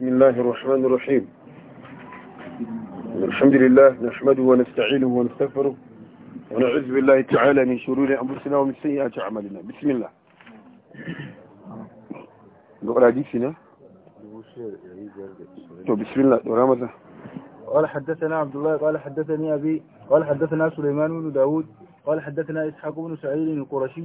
بسم الله الرحمن الرحيم الحمد لله نحمده ونستعينه ونستغفره ونعوذ بالله تعالى من شرور أنفسنا ومن سيئات أعمالنا بسم الله نقرأ حديثنا طيب، بسم الله رمضان قال حدثنا عبد الله قال حدثني أبي قال حدثنا سليمان بن داود قال حدثنا إسحاق بن سعيد القرشي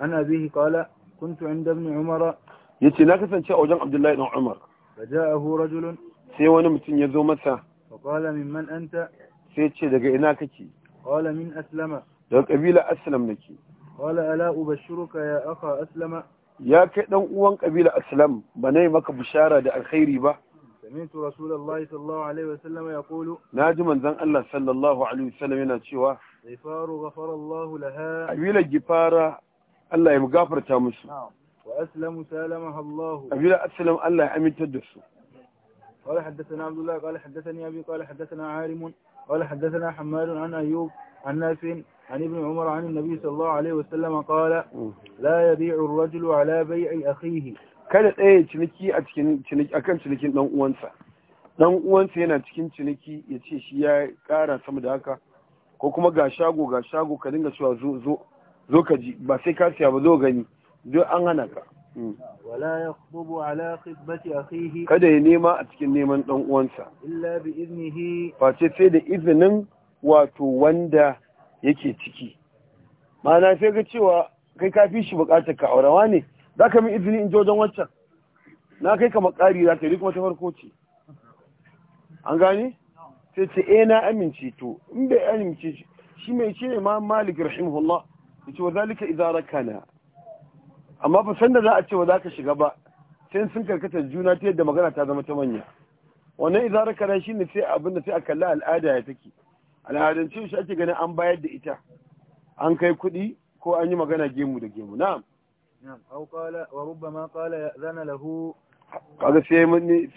عن أبيه قال كنت عند ابن عمر يتي لا شاء وجن عبد الله بن عمر فجاءه رجل sai wani mutum ya zo masa faƙala min man anta sai ce daga ina kake ƙala min aslama daga ƙabila aslam nake ƙala ala ubashiruka ya aka aslama ya kai ɗan uwan ƙabila aslam ba na yi maka bishara da alkhairi ba سمعت رسول الله صلى الله عليه وسلم يقول ناجما ذن الله صلى الله عليه وسلم yana cewa غفار غفر الله لها أبيل الجفارة الله يمغفر تامسو وأسلموا سالمها الله أبيلا أسلم الله أمين تدرسوا قال حدثنا عبد الله قال حدثني أبي قال حدثنا عارم قال حدثنا حماد عن أيوب عن نافع عن ابن عمر عن النبي صلى الله عليه وسلم قال لا يبيع الرجل على بيع أخيه kada tsaye ciniki a cikin ciniki akan cinikin dan uwansa dan uwansa yana cikin ciniki ya ce shi ya kara sama da haka ko kuma ga shago ga shago ka dinga cewa zo zo zo ka ji ba sai ka siya ba zo gani duk an hana ka hmm. wala ya khutubu ala khitbati akhihi kada ya nema a cikin neman dan uwansa illa bi iznihi face sai da izinin wato wanda yake ciki ma'ana sai ga cewa kai ka fi shi bukatar ka aurawa ne za ka mi izini in jojon wancan. na kai ka makari za ka yi kuma ta farko ce an gane sai ce eh na amince to in bai amince shi mai ce ma malik rahimahullah ce, wa zalika idara kana amma fa sanda za a ce ba za ka shiga ba sai sun karkata juna ta yadda magana ta zama ta manya wannan izara kara shi ne sai abin da sai a kalli al'ada ya take al'adance shi ake ganin an bayar da ita an kai kuɗi ko an yi magana gemu da gemu na'am na'am aw qala wa rubbama qala ya'zana lahu kaga sai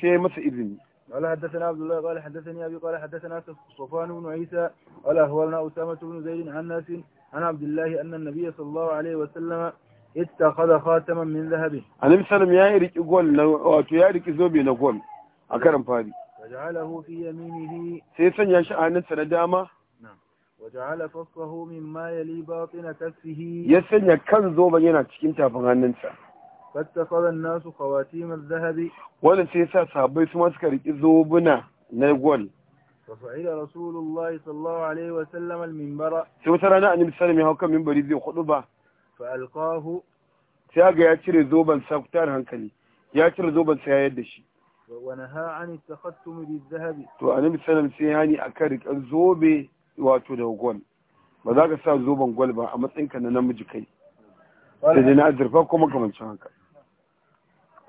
sai masa izini قال حدثنا عبد الله قال حدثني أبي قال حدثنا صفوان بن عيسى قال أهولنا أسامة بن زيد عن ناس عن عبد الله أن النبي صلى الله عليه وسلم ittakhadha khataman min dhahabin annabi sallam ya riki gol na wato ya riki zobe na gol a karan fari waja'alahu fi yaminihi sai sanya shi a hannunsa na dama waja'ala fasfahu mimma yali batina kasfihi ya sanya kan zoben yana cikin tafin hannunsa fattakhadha an-nasu khawatim adh-dhahabi wannan sai sa sahabbai su ma suka riki zobuna na gol ففعل رسول الله صلى الله عليه وسلم المنبر سوى ترى أنا أن يسلم يهوكا منبري ذي خطبة falkahu sai ya cire zoben sa ta hankali ya cire zoben sa yayar da shi wa naha an takhattum bil dhahab to annabi sallallahu sai wasallam sai yani akan zobe wato da gol ba za ka sa zoben gol ba a matsinka ka na namiji kai da dina azurfa kuma kamar haka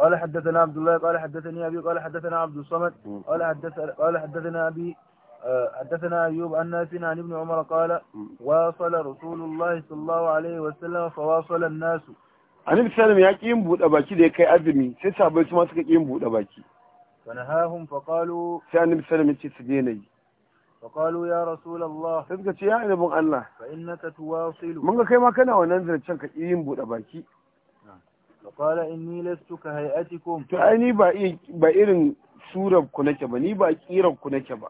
قال حدثنا عبد الله قال حدثني ابي قال حدثنا عبد الصمد قال حدثنا ابي حدثنا أيوب عن نافع عن ابن عمر قال واصل رسول الله صلى الله عليه وسلم فواصل الناس annabi sallam ya ki yin buɗe baki da ya kai azumi sai sahabbai su ma suka ki yin buɗe baki fanahahum faqalu sai annabi sallam ya ce su daina yi ya rasulullah sai suka ce ya annabin Allah fa innaka tuwasilu mun ga kai ma kana wannan zancen ka ki yin buɗe baki faqala inni lastu ka hay'atikum to ai ni ba irin surar ku nake ba ni ba kiran ku nake ba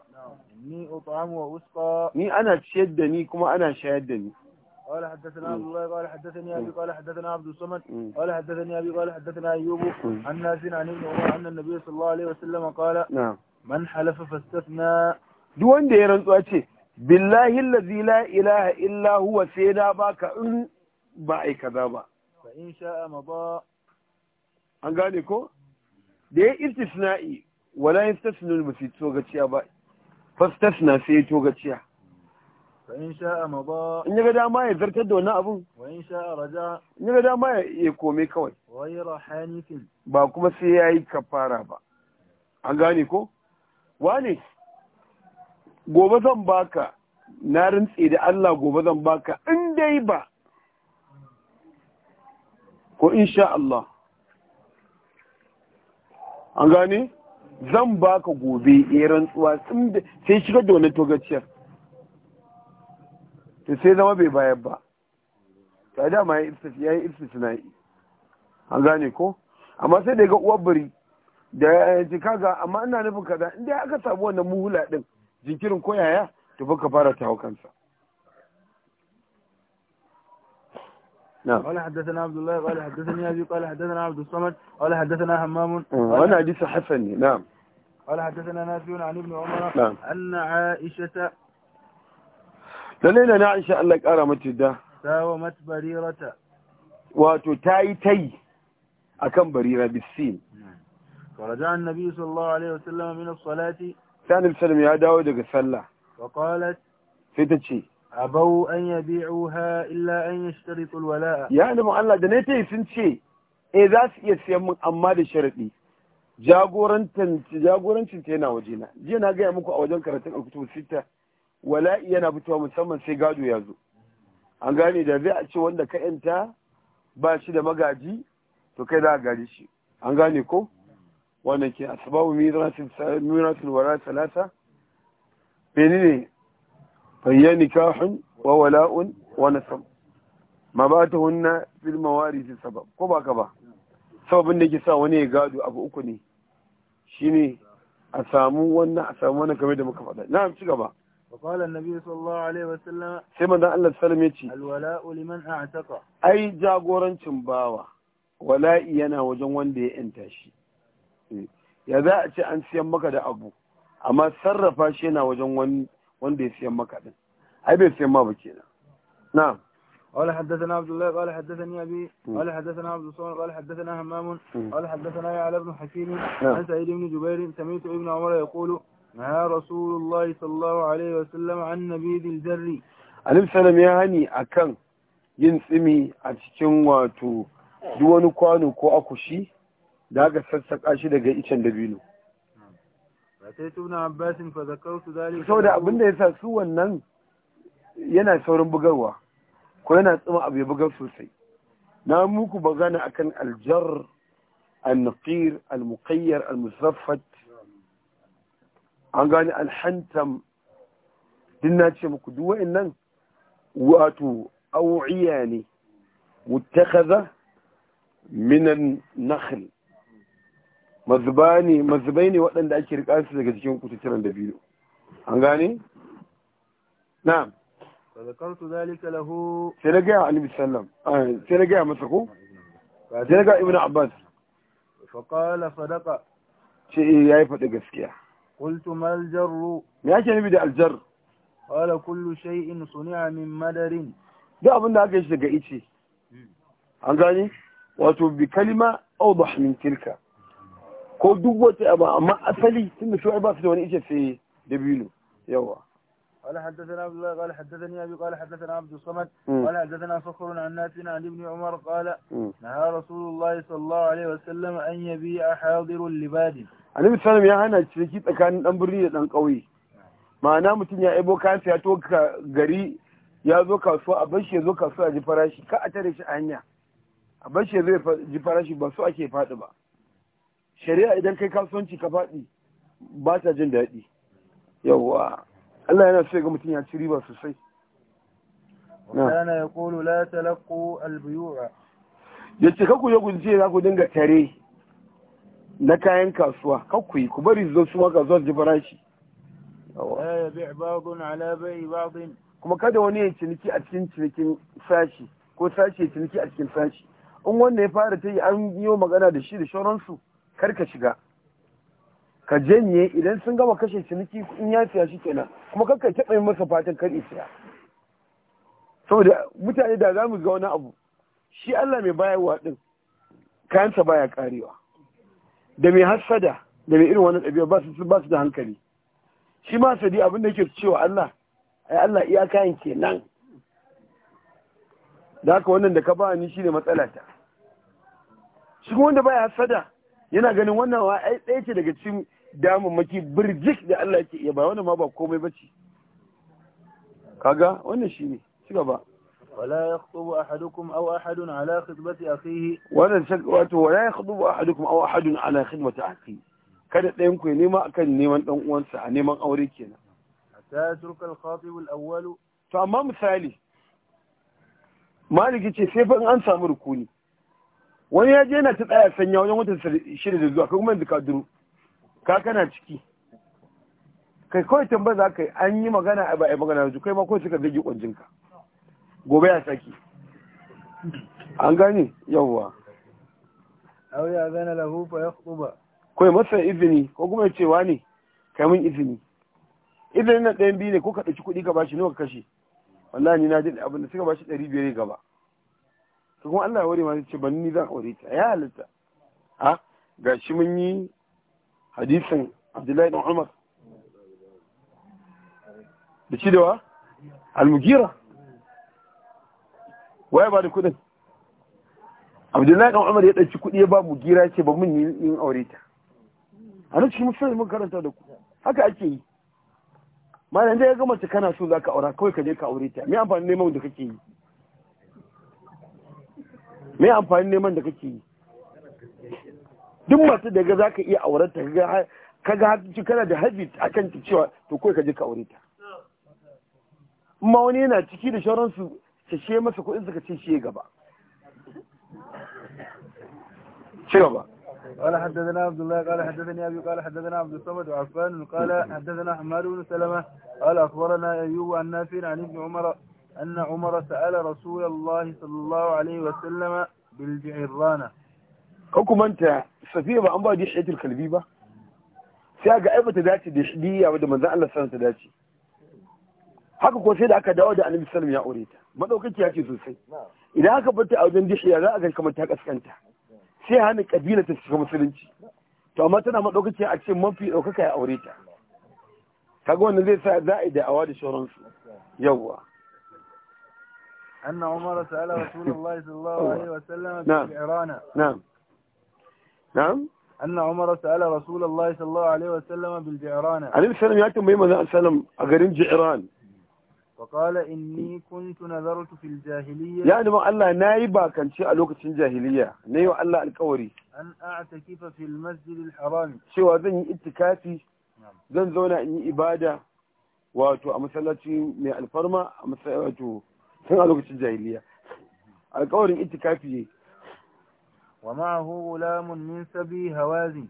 ni ut'amu wa usqa ni ana ciyar da ni kuma ana da ni قال حدثنا عبد الله قال حدثني ابي قال حدثنا عبد الصمد قال حدثني ابي قال حدثنا ايوب عن نافع عن النبي صلى الله عليه وسلم قال من حلف فاستثنى دو wanda ya rantsuwa ce billahi allazi la ilaha illa huwa sai na baka in ba ai kaza ba fa in sha'a mada an gane ko da ya istisna'i wala al so gaciya ba fastas na sai ya toga ciya in ya ga dama ya zartar da wani abun in ya ga dama ya kome kawai ba kuma sai ya yi kafara ba an gane ko wane gobe zan baka na rintse da Allah gobe zan baka in dai ba ko insha Allah an gane zan baka gobe eh, ya rantsuwa sai shiga da wani togaciyar ta sai zama bai bayar ba ta dama ya yi istisna'i an gane ko amma sai da ga uwar bari da ya ji kaga amma ina nufin kaza inda aka samu wannan muhula din jinkirin ko yaya to baka fara ta kansa قال حدثنا عبد الله قال حدثني ابي قال حدثنا عبد الصمد قال حدثنا همام وانا حديث حسن نعم قال حدثنا نافع عن ابن عمر نعم أن عائشة لليلة عائشة قال لك أرى متدة ساومت بريرة واتو تاي تاي أكم بريرة بالسين فرجع نعم. النبي صلى الله عليه وسلم من الصلاة ثاني بسلم يا داود الصلاة وقالت تشي أبوا أن يبيعوها إلا أن يشترطوا الولاء يعني معلّا دنيتي سنشي إذا سيسيمون أما دي شرطي jagorancin ta yana waje na jiya na gaya muku a wajen karatun alkutubu sita wala'i yana fitowa musamman sai gado ya zo an gane da zai a ce wanda ka yanta ba shi da magaji to kai za a gaji shi an gane ko wannan ke asibawu mirasul wara salasa menene fayya nikahun wa wala'un wa nasab ma ba ta hunna fil mawarisi sabab ko ba ka ba sababin da ke sa wani ya gado abu uku ne shine a samu wannan a samu wannan kamar da muka faɗa na'am ci gaba وقال النبي صلى الله عليه وسلم سيما دان الله سلم يتي الولاء لمن اعتق Ai جاغورنچin bawa wala'i yana wajen wanda ya yanta shi eh, ya za a ce an siyan maka da abu amma sarrafa shi yana wajen wanda ya siyan maka din ai bai siyan ma ba kenan na'am قال حدثنا عبد الله قال حدثني أبي قال حدثنا عبد الصمد قال حدثنا همام قال حدثنا يعلى بن حكيم عن سعيد بن جبير سمعت ابن عمر يقول نهى رسول الله صلى الله عليه وسلم عن نبيذ الجر alim salam ya hani akan yin tsimi a cikin wato duk wani kwano ko akushi da aka sassaka shi daga icen dabino sau da abinda ya sa su wannan yana saurin bugarwa ko yana tsima abu ya buga sosai na muku magana akan aljar النقير المقير المزرفت an gane alhantam din na ce muku duk wa'annan wato awiya ne mutakaza minan nakhl mazbani ne waɗanda ake rika su daga cikin kututturan da biyu an gane na'am fa zakartu zalika lahu sai na gaya annabi sallam ah, sai na gaya masa ko sai na ga ibnu abbas fa qala sadaqa ce eh, yayi faɗi gaskiya qultu mal jarru me yake da aljar qala kullu shay'in suni'a min madarin duk abin aka yi daga ice an gani wato bi kalima awdah min ko duk wata abu amma asali tunda shi ba su da wani ice sai dabino yawa قال حدثنا عبد الله قال حدثني أبي قال حدثنا عبد الصمد قال حدثنا فخر عن نافع عن ابن عمر قال نهى رسول الله صلى الله عليه وسلم يبيع حاضر لباد ya hana ciniki tsakanin dan birni da dan kauye. ma'ana mutum ya ebo kayan ya to gari ya zo kasuwa a bashi ya zo kasuwa a ji farashi ka a tare shi a hanya a bashi ya ji farashi ba so ake faɗi ba shari'a idan kai kasuwanci ka faɗi ba jin daɗi yawwa Allah yana so ga mutum ya ci riba sosai kana ya kolo la talaqqu albuyu'a yace kaku ya gunje za ku dinga tare na kayan kasuwa kaku yi ku bari zo su ma kasuwa ji farashi la yabi' ba'dun ala bai'i ba'din kuma kada wani ya ciniki a cikin cinikin sashi ko sashi ya ciniki a cikin sashi in wanda ya fara ta yi an yi magana da shi da shauransu kar ka shiga ka janye idan sun gama kashe ciniki in ya siya shi kenan kuma ya taɓa yin masa fatan kar siya saboda mutane da za mu ga wani abu shi Allah mai bayarwa ɗin kayansa baya karewa da mai hassada da mai irin wannan ɗabi'a ba su ba su da hankali shi ma sadi abin da yake cewa Allah ai Allah iya kayan kenan da haka wannan da ka ba ni shine matsalata shi wanda baya hasada yana ganin wannan wa ai ɗaya ce daga cikin damammaki birjik da Allah yake iya ba wanda ma ba komai bace kaga wannan shine ci gaba wala yakhdubu ahadukum aw ahadun ala khidmati akhihi wala shak wato wala yakhdubu ahadukum aw ahadun ala khidmati akhihi kada ɗayan ku nema akan neman dan uwansa a neman aure kenan hatta yatruka al-khatib al-awwal to amma misali maliki ce sai fa in an samu rukuni wani ya je yana ta tsaya sanya wajen wata shirin da zuwa kuma yanzu ka duru ka kana ciki kai kawai tambayar za ka yi an yi magana a ba'a magana yanzu kai ma kawai suka gage kwanjinka gobe ya saki an gane yawwa aw ya lahufa ya fa yakhduba kai masa izini ko kuma ya cewa ne kai mun izini izinin na ɗayan biyu ne ko ka ɗauki kuɗi ka bashi nawa ka kashe wallahi ni na ji abin da suka bashi ɗari biyar ne gaba to kuma Allah ya ware ma ce ban ni zan aure ta ya halitta ah, ga shi mun yi hadisin abdullahi ɗan umar da shi da wa almugira waye ba da kudin abdullahi ɗan umar ya ɗauki kudi ya ba mugira ce ba mun yin aure ta a nan cikin musulmi mun karanta da ku haka ake yi malam da ya gama ta kana so za ka aura kawai ka je ka aure ta me amfani neman da kake yi me amfani neman da kake yi duk masu daga za ka iya auren ta ka ga kana da haji a kan ta cewa to kai ka je ka aure ta ma wani yana ciki da shauransu ce masa kuɗin suka ce shi gaba ci gaba قال حدثنا عبد الله قال حدثني ابي قال حدثنا عبد الصمد وعفان قال حدثنا حماد بن سلمة قال اخبرنا ايوب عن نافع عن ابن عمر ان عمر سال رسول الله صلى الله عليه وسلم بالجعرانه hukumanta kuma safiya ba an ba dihiyatul kalbi ba sai ga ai bata dace da dihiya da manzon Allah sallallahu ta dace haka ko sai da aka dawo da annabi sallallahu ya aure ta madaukaki ya ce sosai idan aka bata a wajen dishiya za a ga kamar ta kaskanta sai hana kabila ta shiga musulunci to amma tana madaukaki a ce mafi daukaka ya aure ta kaga wannan zai sa za a yi da'awa da shauransu yawwa أن عمر سأل رسول sallallahu alaihi wasallam عليه irana na'am نعم أن عمر سأل رسول الله صلى الله عليه وسلم بالجعران عليه السلام يأتم بهم ذا السلام أقرين جعران فقال إني كنت نذرت في الجاهلية يعني ما الله نايبا كان شيء ألوك في الجاهلية نيو الله الكوري أن أعتكف في المسجد الحرام شو هذا اتكافي نعم. ذن zauna إني إبادة واتو wato من masallaci mai alfarma ألوك في الجاهلية الكوري lokacin wa ma ma'ahu gulamun min sabi hawazin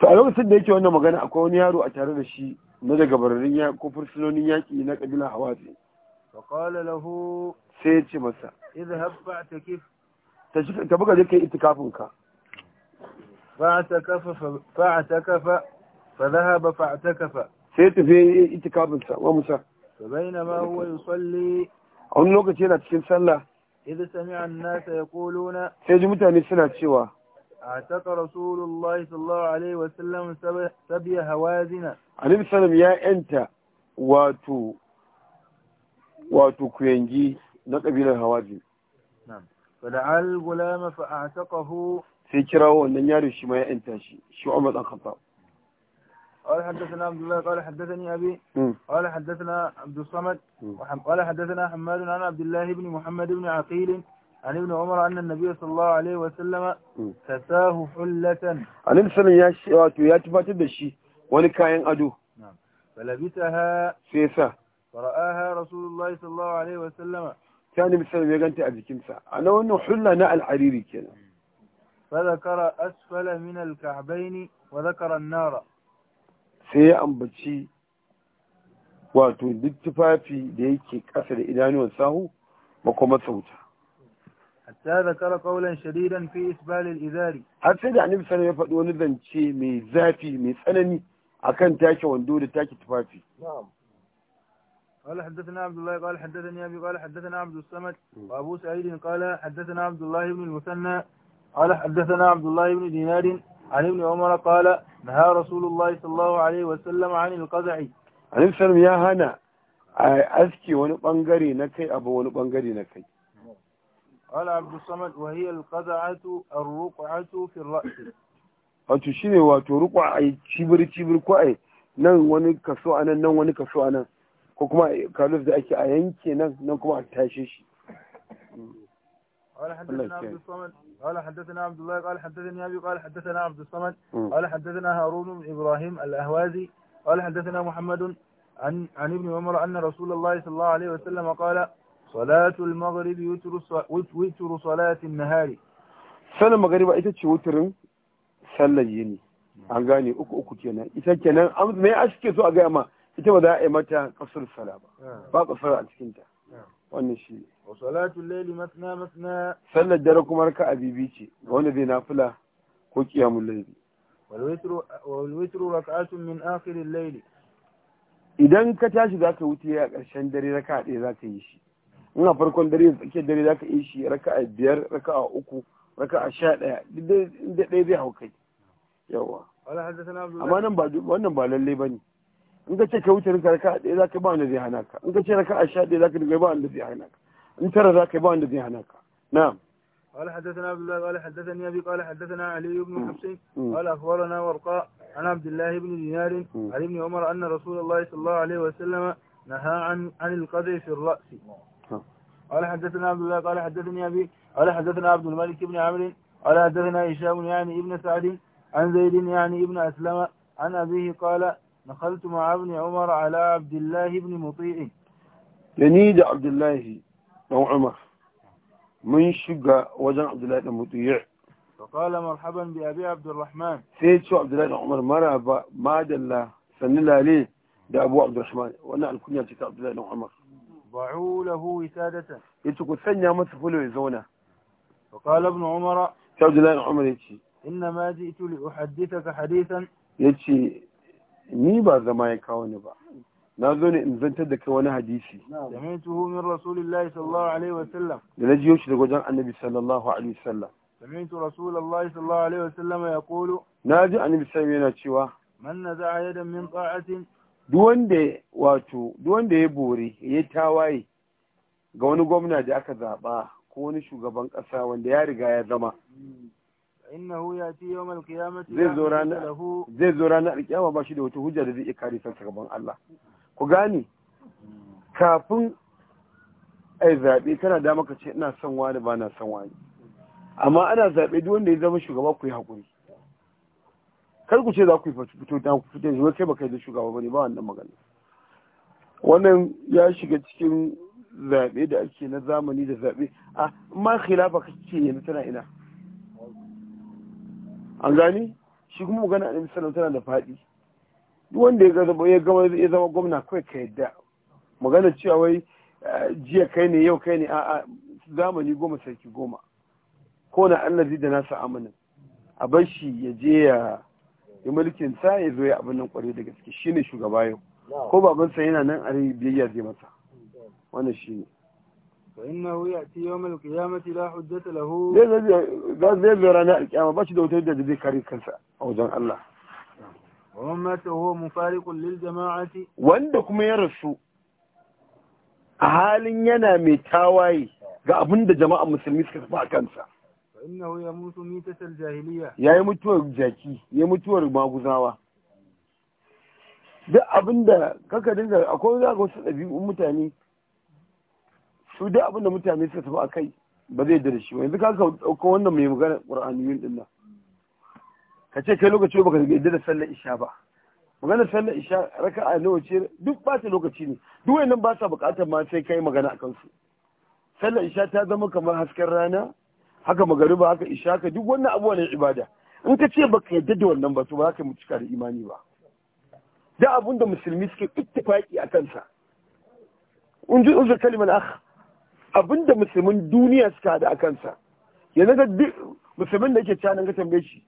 to a lokacin da yake wannan magana akwai wani yaro a tare da shi na daga bararin ya ko fursunonin yaki na kabila hawazin fa qala lahu sai ya ce masa idhhab fa'takif ta shi ka buga kai itikafin ka fa'takafa fa'takafa fa dhahaba fa'takafa sai tafi itikafin sa wa musa fa bainama huwa yusalli a wani lokaci yana cikin sallah إذ سمع الناس يقولون سيجمت أن السنة شوى اعتق رسول الله صلى الله عليه وسلم سبي هوازن عليه السلام يا أنت واتو واتو كوينجي نقبل هوازن نعم فدعا الغلام فأعتقه في كراوة أن ياري شما يا أنت شو عمر الخطاب قال حدثنا عبد الله قال حدثني أبي قال حدثنا عبد الصمد قال حدثنا حماد عن عبد الله بن محمد بن عقيل عن ابن عمر أن النبي صلى الله عليه وسلم كساه حلة عن ابن سلم يا تبات الدشي ولكاين أدو نعم. فلبسها سيسا فرآها رسول الله صلى الله عليه وسلم كان ابن سلم يقنت أبي كمسا أنا وأنه حلة ناء الحريري كذا فذكر أسفل من الكعبين وذكر النار sai ya ambaci wato duk tufafi da yake ƙasa da idanuwan sahu makoma sauta hatta zakara qawlan shadidan fi isbal al-izari har sai da annabi sallallahu ya faɗi wani zance mai zafi mai tsanani akan take wando da take tufafi na'am قال حدثنا عبد الله قال حدثني أبي قال حدثنا عبد الصمد وأبو سعيد قال حدثنا عبد الله بن المثنى قال حدثنا عبد الله بن دينار عن ابن عمر قال نهى رسول الله صلى الله عليه وسلم عن القزع عن السلام يا هنا أسكي ونبنغري نكي أبو ونبنغري نكي قال عبد الصمد وهي القزعة الرقعة في الرأس wato shine wato ruku a cibir cibir ko ai nan wani kaso anan nan wani kaso anan ko kuma kaluf da ake a yanke nan nan kuma a tashe shi قال حدثنا عبد الصمد قال حدثنا عبد الله قال حدثني أبي قال حدثنا عبد الصمد قال حدثنا هارون بن إبراهيم الأهوازي قال حدثنا محمد عن, عن ابن عمر أن رسول الله صلى الله عليه وسلم قال صلاة المغرب وتر صلاة النهار صلاة المغرب إتتش وتر صلى يني an gane uku uku kenan ita kenan me a suke so a gaya ma ita ba za a yi mata kasar sala ba ba kasar a cikinta wannan shi ne wa salatu laili masna masna sallar dare kuma a bibi ce ga wanda zai nafila ko kiyamun laili wal witru ka witru raka'atun min afirin laili idan ka tashi zaka wuce a ƙarshen dare a ɗaya zaka yi shi in a farkon dare tsakiyar dare zaka yi shi raka a biyar raka a uku a sha ɗaya inda ɗaya zai hau kai yawa amma nan ba wannan ba ba ne in ka ce ka wuce a ɗaya za ka ba wanda zai hana ka in ka ce a sha ɗaya ka dinga ba wanda zai hana ka انت راكب ذاك يبقى الذي هناك نعم قال حدثنا عبد الله قال حدثني أبي قال حدثنا علي بن حفصي قال أخبرنا ورقاء عن عبد الله بن دينار عن ابن عمر أن رسول الله صلى الله عليه وسلم نهى عن عن القذف في الرأس قال حدثنا عبد الله قال حدثني أبي قال حدثنا عبد الملك بن عمرو قال حدثنا هشام يعني ابن سعد عن زيد يعني ابن أسلم عن أبيه قال نخلت مع ابن عمر على عبد الله بن مطيع ينيد عبد الله ɗan umar mun shiga wajen abdullahi da mutuyi فقال مرحبا بأبي عبد الرحمن سيد شو عبد الله بن عمر مرحبا ما دلا سنلا عليه ده أبو عبد الرحمن وأنا الكنية تك عبد الله بن عمر ضعوا له وسادته أنت كنت ثانية ما تقولوا يزونا فقال ابن عمر شو عبد الله بن عمر يتشي إنما جئت لأحدثك حديثا يتشي ni ba zama ya kawo ni ba na zo ne in zantar da kai wani hadisi sami'tuhu min rasulillahi sallallahu alaihi wa sallam da na jiyo shi da wajen annabi sallallahu alaihi wa sallam sami'tu rasulullahi sallallahu alaihi wa sallam ya qulu na ji annabi sallallahu yana cewa man naza'a yadan min ta'atin duk wanda wato duk wanda ya bore ya tawaye ga wani gwamna da aka zaba ko wani shugaban kasa wanda ya riga ya zama hmm. innahu yati yawmal qiyamati zai zo ranar zai zo ranar alkiyama ba shi da wata hujja da zai iya kare sa gaban Allah ku gane kafin ai zaɓe kana da maka ce ina son wani ba na son wani amma ana zaɓe duk wanda ya zama shugaba ku yi haƙuri kar ku ce za ku yi fito da ku fito zuwa kai ba kai da shugaba ba ne ba wannan magana wannan ya shiga cikin zaɓe da ake na zamani da zaɓe a ma khilafa kake yanzu tana ina an gani shi kuma magana a nemi tana da faɗi duk wanda ya zama ya zama gwamna kawai ka yadda magana cewa wai eh, jiya kai ne yau kai ne a'a zamani goma sarki goma ko na zai da nasa amanin a bar shi ya je ya yi mulkin sa ya zo ya abin nan kwarai da gaske shine shugaba yau ko sa yana nan a biyayya zai masa wannan shine فإنه يأتي يوم القيامة لا حجة له لا زي زي رانا القيامة باش دوتين da zai kare kansa a wajen allah. wanda kuma ya rasu a halin yana mai tawaye ga abin da jama'a musulmi suka tafi a kansa ya yi mutuwar jaki ya mutuwar maguzawa duk abinda da kaka dinga akwai zaka wasu dabi'un mutane su duk abinda mutane suka tafi a kai ba zai dare shi yanzu kaka ɗauka wannan mai magana ƙur'aniyun ɗin nan ka ce kai lokaci baka yadda da sallar isha ba magana sallar isha raka a ce duk ba ta lokaci ne duk wannan ba sa bukatar ma sai kai magana akan su sallar isha ta zama kamar hasken rana haka magariba haka isha ka duk wannan abuwa ne ibada in ka ce baka yadda da wannan ba to ba ka mu cika da imani ba da abun da musulmi suke ittifaki a kansa in ji uzur kalimar ah abun da musulmin duniya suka hada a kansa yanzu ga musulmin da yake canan ka tambaye shi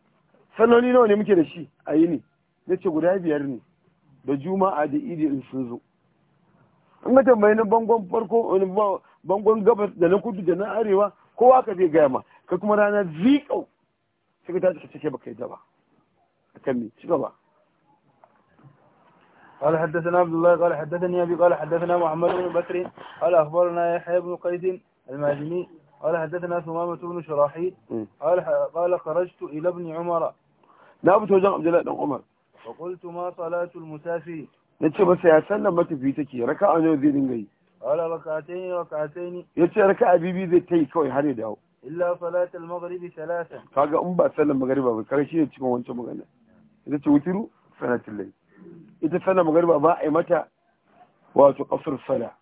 salloli nawa ne muke da shi a yini ya ce guda biyar ne da juma'a da idi in sun zo an ga tambayi na bangon farko bangon gabas da na kudu da na arewa kowa ka zai gaya ma ka kuma ranar zikau sai ka tashi ka cike baka yi daba a kan me ci gaba قال حدثنا عبد الله قال حدثني ابي قال حدثنا محمد بن بكر قال اخبرنا يحيى بن قيس المازني قال حدثنا ثمامة بن شراحيل قال قال خرجت إلى ابن عمر لا بتوجه عبد الله بن عمر فقلت ما صلاة المسافر نتشي بس يا سلم ما تفيتك ركعة نو ذي دنجي قال ركعتين ركعتين يتشي ركعة بيبي ذي تي كوي حري داو إلا صلاة المغرب ثلاثة كاقا أم بقى سلم مغربا كاقا شيء تشي وانشو مغنى إذا توتروا صلاة الليل إذا صلاة مغربا باعي متى واتقصر الصلاة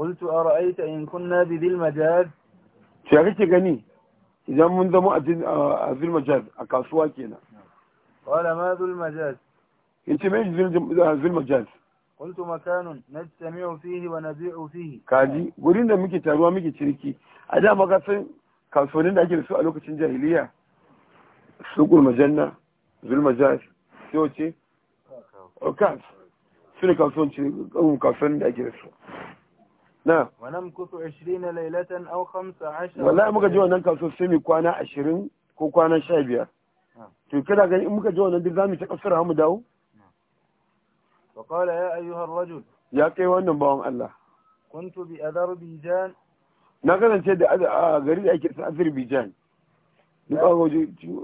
قلت أرأيت إن كنا بذي المجال شو أخي تغني إذا من دمو ذي المجال أكاسوا كينا قال ما ذو المجال أنت ما ذي المجال قلت مكان نجتمع فيه ونبيع فيه kaji gurin da muke taruwa muke ciniki a da maka san kasuwannin da ake da su a lokacin jahiliya suqul majanna zul majaz sai ce okas sune kasuwancin kasuwannin da ake da su na wannan kusu 20 lailatan aw 15 wallahi muka ji wannan kaso sai mu kwana 20 ko kwana 15 to kada gani in muka ji wannan duk zamu ta kafsara mu dawo wa qala ya ayyuha ar-rajul ya kai wannan bawan Allah kuntu bi bijan. na kasance da gari da ake sa adarbijan duk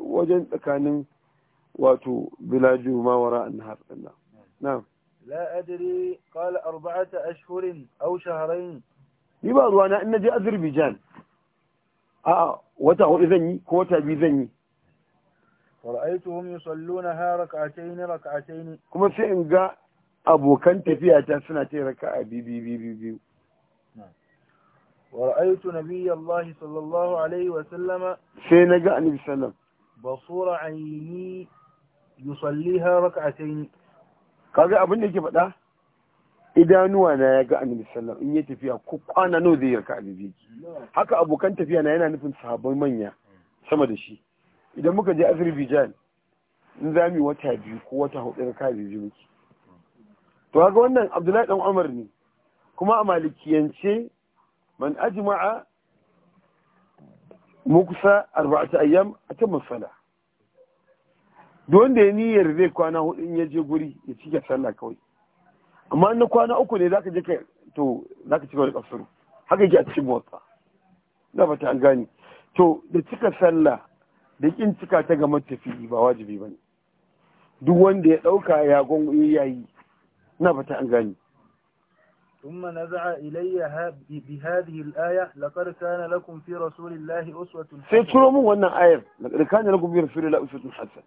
wajen tsakanin wato bilaju ma wara annahar na'am لا أدري قال أربعة أشهر أو شهرين يبقى أنا إن جاء أذربيجان آه, آه، وتعو إذني كوتا بيذني ورأيتهم يصلونها ركعتين ركعتين كما في إنقاء أبو كنت فيها تنسنة ركعة بي بي بي بي, بي. نعم. ورأيت نبي الله صلى الله عليه وسلم سينقى النبي بسلام عليه وسلم بصور عيني يصليها ركعتين kaga abin da yake faɗa idanuwa na ya ga annabi sallallahu in ya tafiya ko kwana nawa zai yarka annabi yake haka abokan tafiya na yana nufin sahabbai manya sama da shi idan muka je Azerbaijan in za mu wata biyu ko wata hudu da kai biyu muke to kaga wannan Abdullahi dan Umar ne kuma a malikiyance man ajma'a muksa arba'ata ayyam atamma salah duk wanda ya niyyar zai kwana hudu in ya je guri ya ci ga sallah kawai amma na kwana uku ne zaka je ka to zaka cika wani kafsuru haka yake a cikin motsa na fata an gane to da cika sallah da kin cika ta ga matafi ba wajibi ba ne duk wanda ya dauka ya gongo ya yi na fata an gane ثم نزع إلي بهذه الآية لقد كان لكم في رسول الله أسوة حسنة سيتشرموا وانا آية لقد كان لكم في رسول الله أسوة حسنة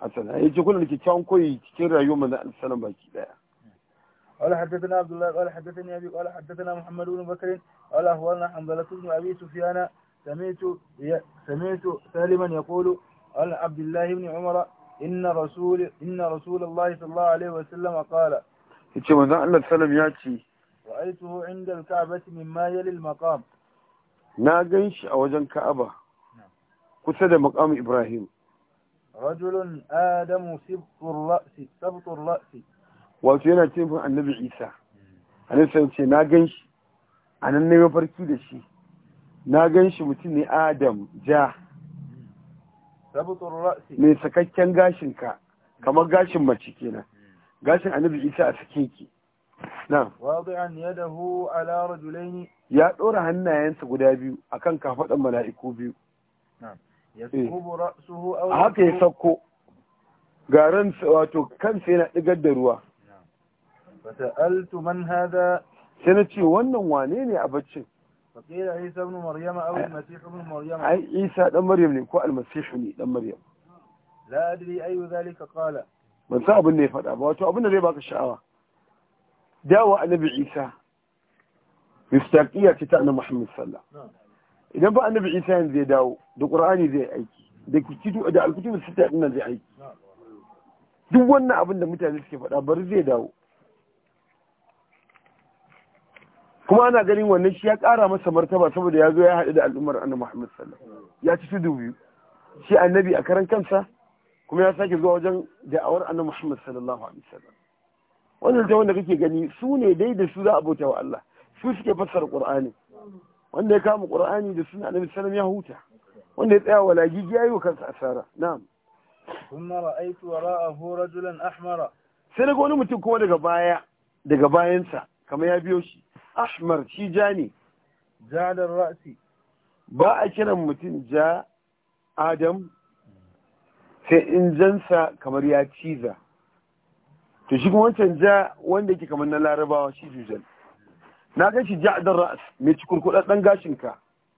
hasana ya ce kuna da kyakkyawan koyi cikin rayuwar manzon Allah sallallahu baki daya قال حدثنا عبد الله قال حدثني ابي قال حدثنا محمد بن بكر قال اخبرنا حنظله بن ابي سفيان سمعت سمعت سالما يقول قال عبد الله بن عمر ان رسول ان رسول الله صلى الله عليه وسلم قال yace manzon Allah sallam ya ce ra'aituhu inda al-ka'bati mimma yali al-maqam na ganshi a wajen ka'aba kusa da maqam ibrahim rajulun adamu sibtur ra'si yana cikin annabi Isa annabi sai ce na ganshi anan ne mafarki da shi na ganshi mutum ne Adam ja sabtur ra'si ne sakakken gashin kamar gashin mace kenan gashin annabi Isa a sake ki na'am wadi'an yadahu ala ya dora hannayensa guda biyu akan kafadan mala'iku biyu a haka ya sauko garan wato kansa yana ɗigar da ruwa sai na ce wannan wane ne a baccin fakira isa maryam dan maryam ne ko al ne dan maryam ban sa abin da ya faɗa ba wato abin da zai baka sha'awa dawo annabi isa mistaqiya ta annabi muhammad sallallahu idan ba annabi isa yanzu ya dawo da qur'ani zai aiki da kitu da alkutubu sita din zai aiki duk wannan abin da mutane suke faɗa bari zai dawo kuma ana ganin wannan shi ya ƙara masa martaba saboda ya zo ya haɗu da al'ummar annabi Muhammad sallallahu alaihi wasallam ya ci tudu biyu shi annabi a karan kansa kuma ya sake zuwa wajen da'awar annabi Muhammad sallallahu alaihi wasallam wannan ta wanda kake gani su ne dai da su za a bauta wa Allah su suke fassara Qur'ani wanda ya kama ƙur'ani da suna annabi sallallahu ya huta wanda ya tsaya ya yayi wa kansa asara na'am kuma ra'aytu wara'ahu rajulan ahmara sai daga wani mutum kuma daga baya daga bayansa kamar ya biyo shi ahmar shi ja ne da ra'si ba a kiran mutum ja adam sai in jansa kamar ya ciza to shi kuma wancan ja wanda yake kamar na larabawa shi jujal na ga shi ja'dar ra'as mai cikin kudaddan gashin ka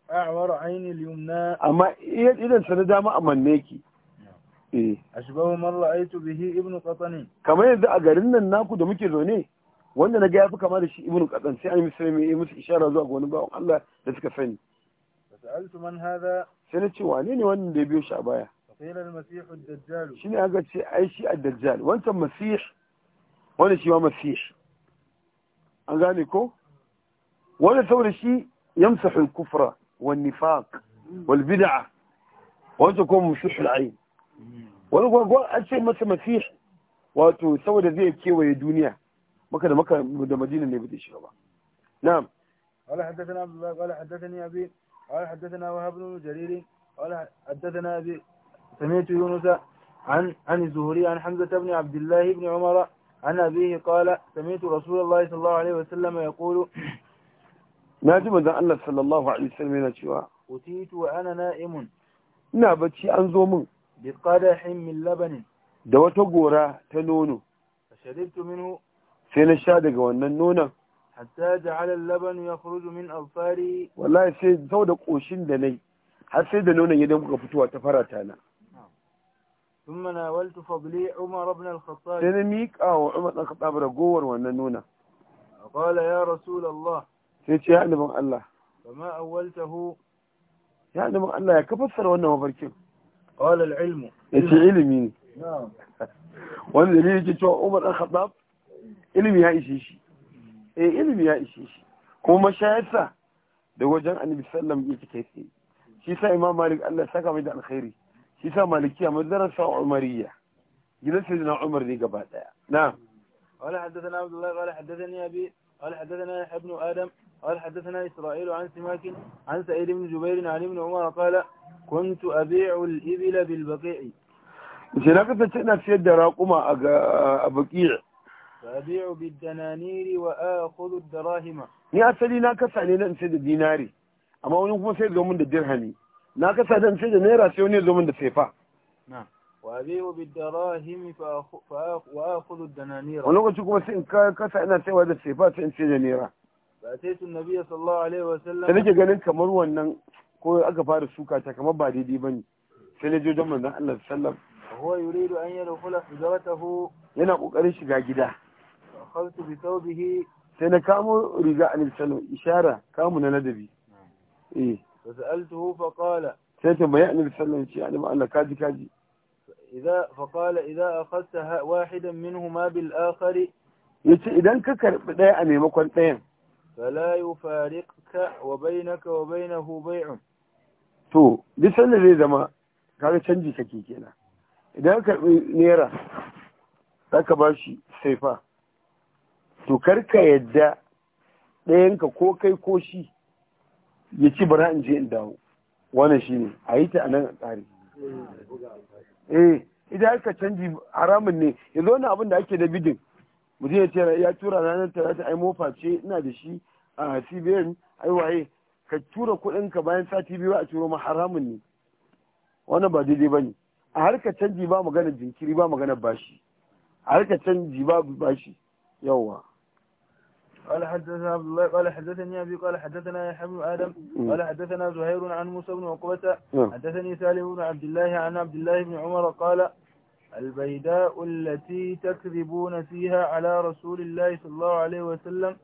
a'war ainil yumna amma idan sa na dama amanne ki eh ashbahu man ra'aytu bihi ibnu qatani kamar yanzu a garin nan naku da muke zaune wanda na ga yafi kama da shi ibnu qatan sai an yi musu mai musu ishara zuwa ga wani bawan Allah da suka sani sa'altu man hada sai na ce wane ne wannan da ya biyo shi a baya qila al-masih ad-dajjal shine aka ce ai shi ad-dajjal wancan masih wannan shi ma masih an gane ko ولا ثور شيء يمسح الكفرة والنفاق والبدعة ويكون مسيح العين ويقول أقول أشياء ما سمسيح وتسوى لذيه كيوية دونية ما كان ما مكة مدينة اللي بديش ربا نعم قال حدثنا قال حدثني أبي قال حدثنا وهب بن جرير قال حدثنا أبي سمعت يونس عن عن الزهري عن حمزة بن عبد الله بن عمر عن أبيه قال سمعت رسول الله صلى الله عليه وسلم يقول na ji manzon Allah sallallahu alaihi wasallam yana cewa utitu wa ana na'imun ina bacci an zo min bi qadahin min labanin da wata gora ta nono shadidtu minhu sai na sha daga wannan nonon hatta ja'ala al-laban yakhruju min alfari wallahi sai saboda koshin da nayi har sai da nonon ya ga fitowa ta farata na ثم ناولت فضلي عمر بن الخطاب سنميك أو عمر بن الخطاب رقور وننونا قال يا رسول الله sai ce ya annabin Allah kama awwaltahu ya annabin Allah ya kafassara wannan mafarkin qala ilmu. Ya ce ilimi ne wanda ne yake cewa Umar dan Khattab ilimi ya ishe shi eh ilimi ya ishe shi kuma mashayarsa da wajen Annabi sallam ya ke kai tsaye shi sa Imam Malik Allah saka mai da alkhairi shi sa malikiya madarasa umariya gidan sayyidina Umar ne gaba ɗaya. na wala haddathana Abdullah wala haddathani abi قال حدثنا يحيى بن آدم قال حدثنا اسرائيل عن سماك عن سعيد بن جبير عن ابن عمر قال كنت ابيع الابل بالبقيع جناك تتنا في الدراقم أبقيع ابيع بالدنانير واخذ الدراهم يا سيدي na kasa ne nan sai da dinari amma wani kuma sai zo min da dirhami na kasa dan sai Wa zai wa shi ne fa a da na naira? A wani lokacin kasa yana taimaka da tefa sun ci da nera. Ba sai suna biya Sallah, Alayhu wasalaam. Sai na ganin kamar wannan koyon aka fara suka ta kamar ba daidai ba ne. Sai na ji wajen muna na'annan sallar. Hauwa an yi kula. Ku Yana ƙoƙarin shiga gida. Kar su bi sau Sai na kamo riga anan sallar. Ishara kamuna ladabi. Basu altru hufa kala. Sai ta ma yi anan sallar ce, anan ma إذا فقال إذا أخذت واحدا منهما بالآخر يتي إذا ككرب دايا أمي مكون دايا فلا يفارقك وبينك وبينه بيع تو دي سنة زي زما kaga canji kake kenan idan ka naira zaka ba shi saifa to ka yadda ɗayanka ko kai ko shi ya ci bara in je in dawo wannan shine a yi ta anan a tsari eh idan aka canji haramun ne zo na abin da ake da bidin mutum ya tura ya tura ranar talata ai mofa ce ina da shi a cbn ai waye ka tura kuɗin ka bayan sati biyu a turo ma haramun ne wannan ba daidai ba ne a harka canji ba magana jinkiri ba magana bashi a harka canji ba bashi yawwa قال حدثنا عبد الله قال حدثني ابي قال حدثنا يحيى بن ادم قال حدثنا زهير عن موسى بن عقبه حدثني سالم بن عبد الله عن عبد الله بن عمر قال البيداء التي تكذبون فيها على رسول الله صلى الله عليه وسلم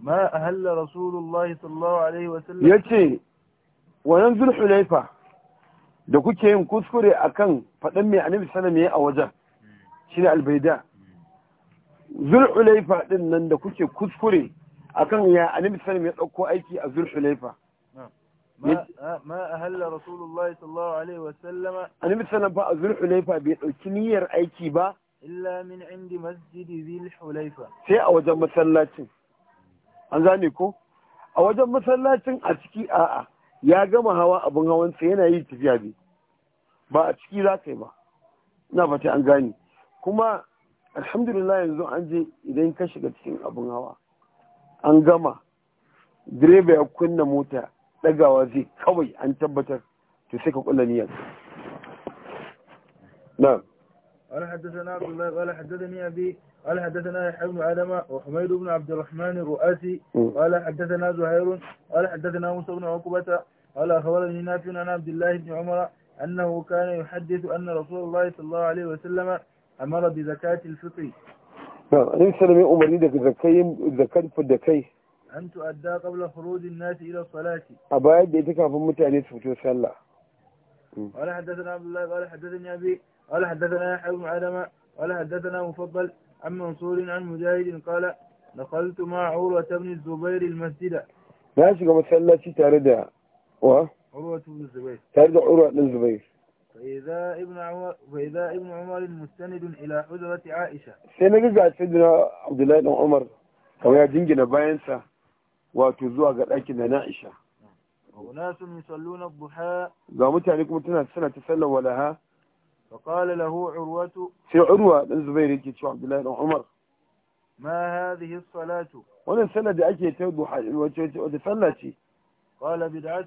ما أهل رسول الله صلى الله عليه وسلم يتي وينزل حليفة da kuke yin kuskure akan faɗin mai annabi sallam yayi a wajen shine albaida zulhulaifa din nan da kuke kuskure akan ya annabi sallallahu ya dauko aiki a zulhulaifa ma ahalla rasulullahi sallallahu alaihi wa wasallam annabi sallallahu ba a zulhulaifa bai dauki niyyar aiki ba illa min indi masjidi zil hulaifa sai a wajen masallacin an zane ko a wajen masallacin a ciki a'a ya gama hawa abin hawansa yana yi tafiya bi ba a ciki za ka yi ba na fata an gane kuma alhamdulillah yanzu an je idan ka shiga cikin abin hawa an gama direba ya kunna mota dagawa zai kawai an tabbatar to sai ka kula niyyar na'am قال حدثنا عبد الله قال حدثني أبي قال حدثنا يحيى بن آدم وحميد بن عبد الرحمن الرؤاسي قال حدثنا زهير قال حدثنا موسى بن عقبة قال أخبرني نافع عن عبد الله بن عمر انه كان يحدث ان رسول الله صلى الله عليه وسلم amara bi zakatil fitri in salami umarni daga zakayin zakar da kai an tu'adda qabla khurujin nasi ila salati a bayan da ita kafin mutane su fito sallah wala haddathana abdullah wala haddathani abi wala haddathana yahya ibn adama wala haddathana mufaddal an mansur an mujahid qala دخلت مع عروة بن الزبير المسجد ماشي كما سألت تارد عروة بن الزبير تارد عروة بن الزبير فإذا ابن عمر مستند إلى عذرة عائشة سينا قلت سيدنا عبد الله بن عمر ويا دينجنا باينسا واتوزوا قد أكدنا نائشة وناس يصلون الضحاء قامت يعني كنت سنة تسلوا لها فقال له عروة سي عروة من زبير يجي شو عبد الله بن عمر ما هذه الصلاة وانا سنة دي أكي تودوا حاجة وتسلتي قال بدعة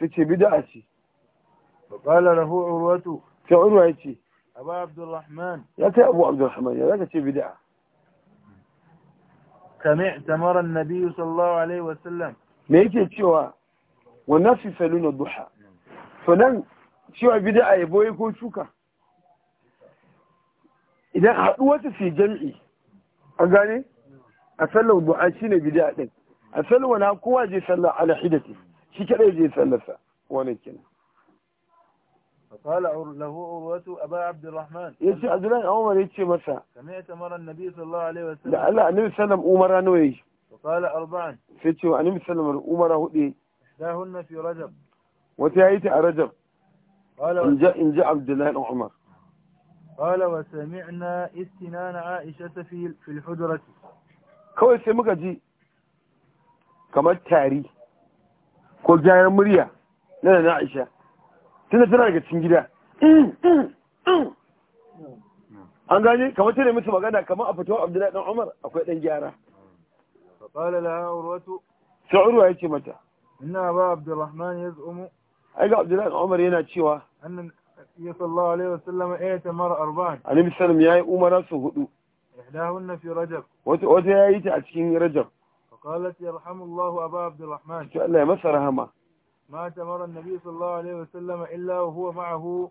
ستي بدعتي faƙala lahu urwatu sai urwa ya ce abu abdurrahman ya kai abu abdurrahman ya zaka ce bid'a سمعت مر النبي صلى الله عليه وسلم me yake cewa wannan fifalu na duha to nan cewa bida ya ko shuka idan haɗuwarsa fi jam'i a gane a sallar du'a shi ne bida ɗin a sallar wana kowa je sallar ala shi kaɗai je sallarsa wani kenan فقال له عروة أبا عبد الرحمن يتي عبد عمر يتي مسا سمعت مرة النبي صلى الله عليه وسلم لا لا النبي صلى الله عليه وسلم أمر نوي فقال أربعا يتي النبي صلى الله عليه وسلم هدي إحداهن في رجب وتعيتي رجب قال إن جاء إن جاء عبد الله عمر قال وسمعنا استنان عائشة في في الحجرة كوي سمك جي ji التاري كل ko jayar لا na عائشة tunda tana daga cikin gida mm, mm, mm. an gani kamar tana mutu magana kama a fito abdullahi dan umar akwai dan gyara fa sai urwa yace mata inna ba abdurrahman yaz'umu ai ga abdullahi dan umar yana cewa annan ya sallallahu alaihi wasallam ayi tamar arba'in ali bisalam yayi umara su hudu ihdahunna fi rajab wato wato yayi ta a cikin rajab qalat yarhamu allah aba abdurrahman to allah ya masa rahama ما تمر النبي صلى الله عليه وسلم إلا وهو معه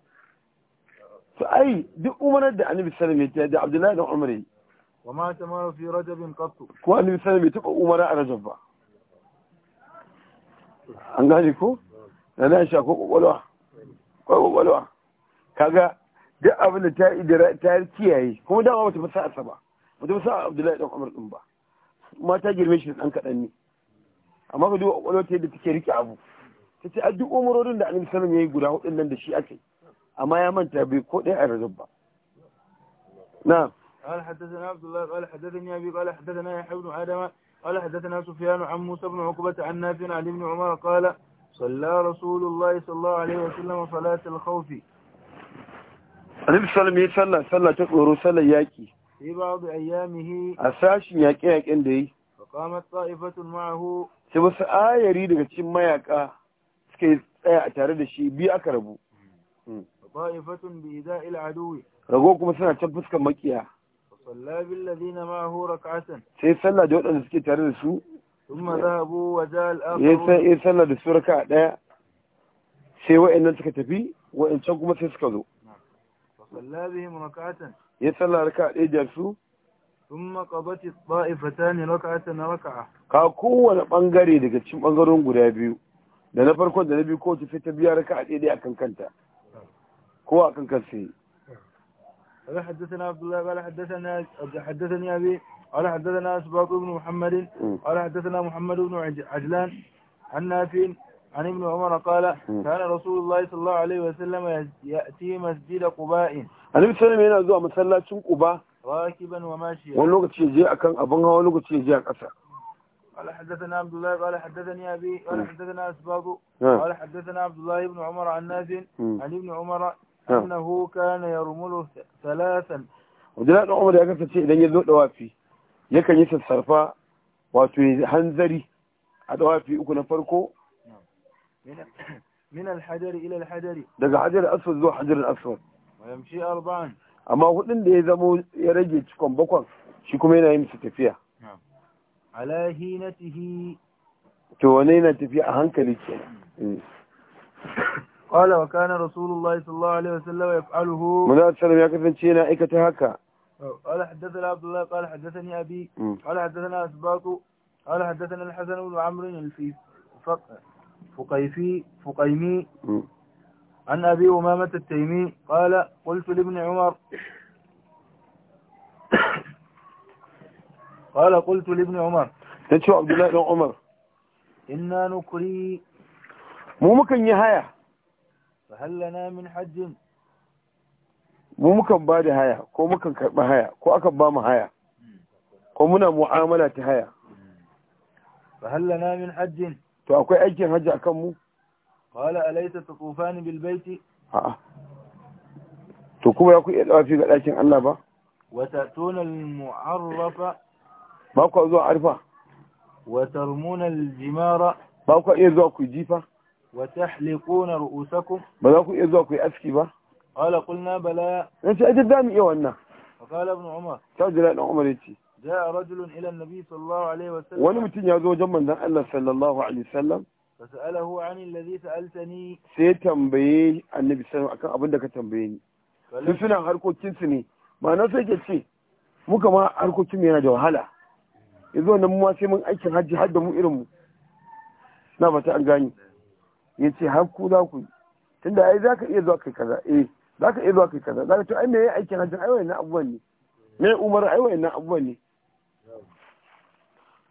فأي دي أمنا دي النبي صلى الله عليه وسلم دي عبد الله عمري وما تمر في رجب قط كو النبي صلى الله عليه وسلم تبقى أمنا رجب an gane ko na na sha ko da kwakwalwa kaga duk abin da ta yi kiyaye kuma dama bata fasa asa ba bata fasa abdullahi dan umar din ba mata girme shi dan kadan ne amma ka duba kwakwalwa ta yadda take rike abu ta ce duk umarorin da annabi sallam ya yi guda hudun nan da shi ake amma ya manta bai ko ɗaya a rajab ba na قال حدثنا عبد الله قال حدثني ابي قال حدثنا يحيى بن ادم قال حدثنا سفيان عن موسى بن عقبه عن نافع عن ابن عمر قال صلى رسول الله صلى الله عليه وسلم صلاة الخوف النبي صلى الله عليه وسلم صلى تقرؤ صلى ياكي في بعض أيامه أساش ياكي ياكي عندي فقامت طائفة معه سبس آية ريدك تشم ياكا suke tsaya a tare da shi biyu aka rabu hmm. ta'ifatun bi ila aduwi rago kuma suna can fuskar makiya salla bil ladina ma'ahu rak'atan sai sallah da waɗanda suke tare da su thumma zahabu wa ja'al akhar ya sallah da su raka'a daya sai wa'annan suka tafi wa'ancan kuma sai suka zo salla bihim rak'atan ya sallah raka'a daya da su thumma qadat ta'ifatan rak'atan raka'a ka kowane bangare daga cikin bangaron guda biyu da na farkon da na biyu kowace sai ta biya raka a daidai akan kanta ko akan kansa قال حدثنا عبد الله قال حدثنا حدثني ابي قال حدثنا اسباط بن محمد قال حدثنا محمد بن عجلان عن نافع عن ابن عمر قال كان رسول الله صلى الله عليه وسلم ياتي مسجد قباء النبي صلى الله عليه وسلم yana zuwa masallacin Quba rakiban wa mashiya wani lokaci ya je akan abin hawa lokaci ya je a ƙasa قال حدثنا عبد الله قال حدثني أبي قال حدثنا أسباب نعم. قال حدثنا عبد الله بن عمر عن نافع عن ابن عمر نعم. أنه كان يرمل ثلاثا ودنا ابن عمر يقف في إذا يذو دوافي يكن يسد صرفا واتوي هنزري أدوافي يكون فرقو نعم. من من الحجر إلى الحجر ده حجر أسود ذو حجر أسود ويمشي أربعا أما هو إذا مو يرجع تكون بقص شكو مين هيمسك فيها على هينته تونينتي في أهنكلك إيه. قال وكان رسول الله صلى الله عليه وسلم يفعله مدات سلم يا كفن شينا هكا قال حدثنا عبد الله قال حدثني أبي قال حدثنا أسباط قال حدثنا الحسن بن عمرو الفي فقيفي فقيمي عن أبي أمامة التيمي قال قلت لابن عمر qala qultu li ibn umar tace abdullahi dan umar inna nukri mu mukan yi haya fa hal lana min hajjin mu mukan ba haya ko mukan karɓi haya ko akan ba haya ko muna mu'amala ta haya fa hallana min hajjin to akwai aikin hajji akan mu qala alaysa taqufani bil baiti a'a to kuma ya ku ga ɗakin Allah ba wa ta'tuna al ba ku zuwa arfa wa tarmuna aljimara ba ku iya zuwa ku jifa wa ru'usakum ba za ku iya zuwa ku aski ba qala qulna bala yace ajin da dami iya wannan qala ibn umar tajira ibn umar yace جاء رجل إلى النبي صلى الله عليه وسلم ولمتن يزو جمن ذن الله صلى الله عليه وسلم فسأله عن الذي سألتني سيتنبيه النبي صلى الله عليه وسلم أبن دك تنبيني سنة هركو تنسني ما نسيك تسي muka ma harkokin yana da wahala yanzu wannan mu sai mun aikin hajji har da mu irin mu na bata an gani ya ce har ku za ku yi tunda ai zaka iya zuwa kai kaza eh zaka iya zuwa kai kaza zaka to ai me aikin hajji ai wannan abubuwan ne me umar ai wannan abubuwan ne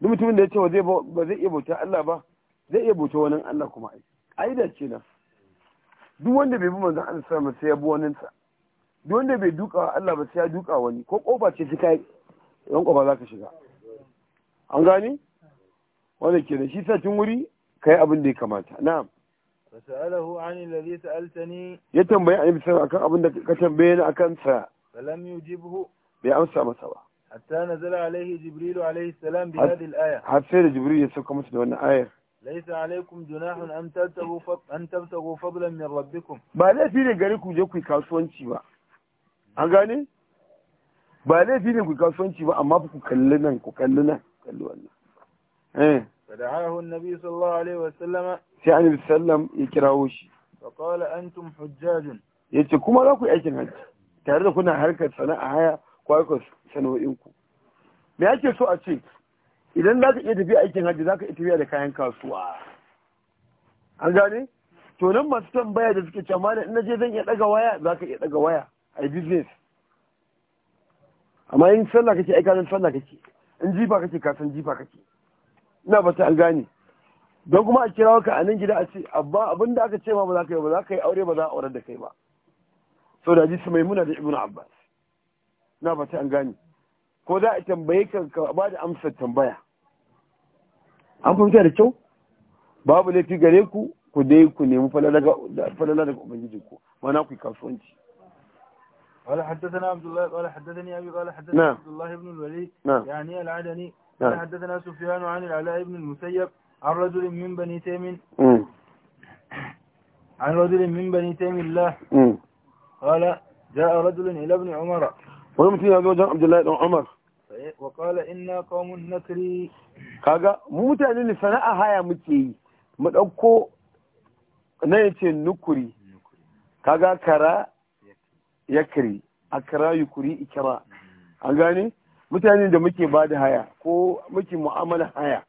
duk mutumin da ya ce ba zai ba zai iya bauta Allah ba zai iya bauta wani Allah kuma ai ai da ce na duk wanda bai bi manzon Allah sallallahu alaihi sai ya bi wani sa duk wanda bai duka Allah ba sai ya duka wani ko kofa ce ta kai yan kofa za ka shiga an gane wanda ke da shi sacin wuri kai abin da ya kamata na'am fasalahu an alladhi sa'altani ya tambaye annabi sallallahu akan abin da ka tambaye na akan sa falam buhu. bai amsa masa ba hatta nazala alaihi Jibrilu alaihi salam bi hadhihi al-aya har sai da jibril ya sauka masa da wannan ayar laisa alaikum junahun an tabtagu an tabtagu fadlan min rabbikum ba laifi ne gare ku je ku kasuwanci ba an gane ba laifi ne ku kasuwanci ba amma ku kalli nan ku kalli nan kalli wannan eh fada'ahu annabi sallallahu alaihi sallama sai annabi sallam ya kirawo shi fa qala antum hujjajun yace kuma za ku yi aikin hajji tare da kuna harkar sana'a haya ko harkar sana'o'in ku me yake so a ce idan za ka iya tafiya aikin hajji za ka iya tafiya da kayan kasuwa an gane to nan masu tambaya da suke cewa da ina je zan iya daga waya za ka iya daga waya ai business amma yin sallah kake aika zan sallah kake in jifa kake ka san jifa kake ina ba sai an gane don kuma a kira ka a nan gida a ce abba abin da aka ce ma ba za ka yi ba za ka yi aure ba za a aurar da kai ba sau da jisi mai muna da ibnu abbas na ba sai an gane ko za a tambaye ka ka ba da amsar tambaya an fahimta da kyau babu laifi gare ku ku dai ku nemi falala daga ubangiji ku mana ku yi kasuwanci قال حدثنا عبد الله قال حدثني أبي قال حدثنا نعم. عبد الله بن الوليد نعم. يعني العدني نعم. قال حدثنا سفيان عن العلاء بن المسيب عن رجل من بني تيم عن رجل من بني تيم الله م. قال جاء رجل إلى ابن عمر ويمتي أبي عبد الله بن عمر وقال إنا قوم نكري kaga موتا mutane ne هاي متي muke نيتي نكري ɗauko كرا yakri akra yukuri ikra an gane mutanen da muke ba da haya ko muke mu'amala haya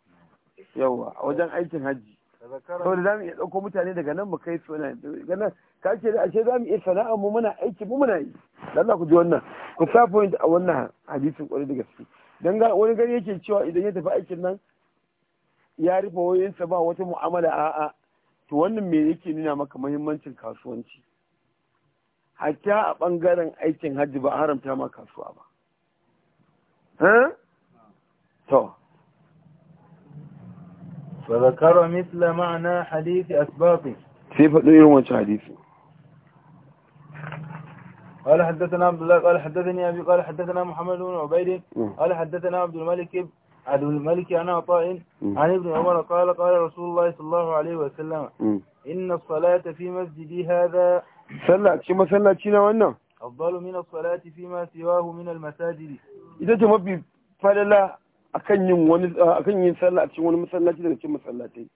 yawa a wajen aikin hajji saboda za mu iya ɗauko mutane daga nan mu kai su daga nan ka ce da ashe za mu iya sana'a mu muna aiki mu muna yi lalla ku ji wannan ku sa point a wannan hadisin kwarai da gaske dan ga wani gari yake cewa idan ya tafi aikin nan ya rufe wayoyinsa ba wata mu'amala a'a to wannan me yake nuna maka muhimmancin kasuwanci hatta a ɓangaren aikin hajji ba haramta ma kasuwa ba to فذكر مثل معنى حديث أسباطي كيف إيه وانت حديثي قال حدثنا عبد الله قال حدثني أبي قال حدثنا محمد بن عبيد قال حدثنا عبد الملك عبد الملك انا عطاء عن ابن عمر قال قال رسول الله صلى الله عليه وسلم إن الصلاة في مسجدي هذا sallaci masallaci na wannan afdalu min as-salati fi ma siwahu min al-masajid ita ce mafi fadala akan yin wani akan yin sallah a cikin wani masallaci daga cikin masallatai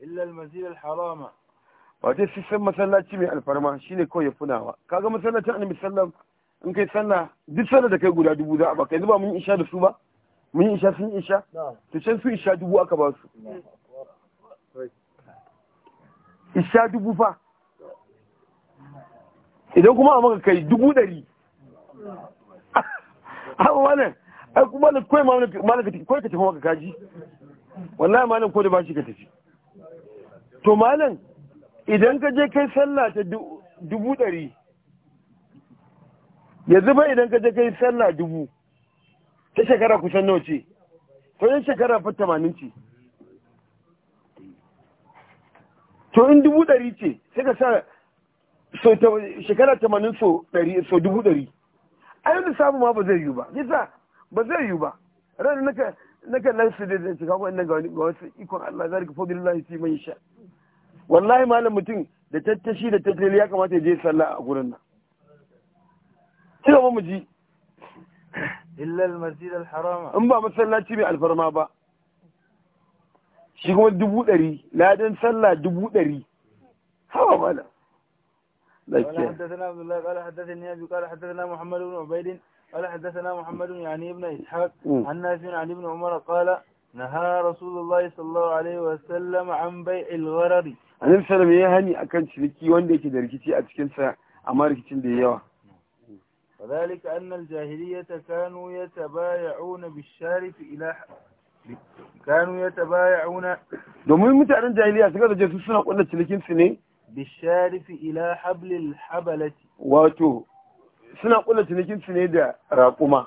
illa al-masjid al-harama wato sai san masallaci mai alfarma shine kawai ya funawa kaga masallacin annabi sallam in kai sallah duk sallah da kai guda dubu za a baka yanzu ba mun isha da su ba mun isha sun isha to can su isha dubu aka ba su isha dubu fa idan kuma a maka kai dubu ɗari haɓa wannan ai kuma da kawai malam kawai ka tafi maka kaji wallahi malam ko da ba shi ka tafi to malam idan ka je kai sallah ta dubu dari, yanzu ba idan ka je kai sallah dubu ta shekara kusan nawa ce to yin shekara fa tamanin ce to in dubu dari ce sai ka sa so shekara tamanin so ɗari so dubu ɗari a yanzu lissafin ma ba zai yiwu ba yasa ba zai yiwu ba ranar naka naka lansu da zai cika wa'annan ga wasu ikon Allah zalika fadlullahi fi man sha wallahi malam mutum da tattashi da tattali ya kamata ya je sallah a gurin nan ci gaba mu ji illa al-masjid al-haram in ba masallaci mai alfarma ba shi kuma dubu ɗari ladan sallah dubu ɗari hawa malam قال حدثنا عبد الله قال حدثني أبي قال حدثنا محمد بن عبيد قال حدثنا محمد يعني ابن إسحاق عن نافع عن ابن عمر قال نهى رسول الله صلى الله عليه وسلم عن بيع الغرر انا sallam يا هني akan ciniki wanda yake da rikici a cikin sa amma da yawa وذلك أن الجاهلية كانوا يتبايعون بالشارف إلى كانوا يتبايعون دومي mutanen جاهليه suka da su suna kulla bisharifi ila hablil habalati wato suna kula cinikin su ne da raƙuma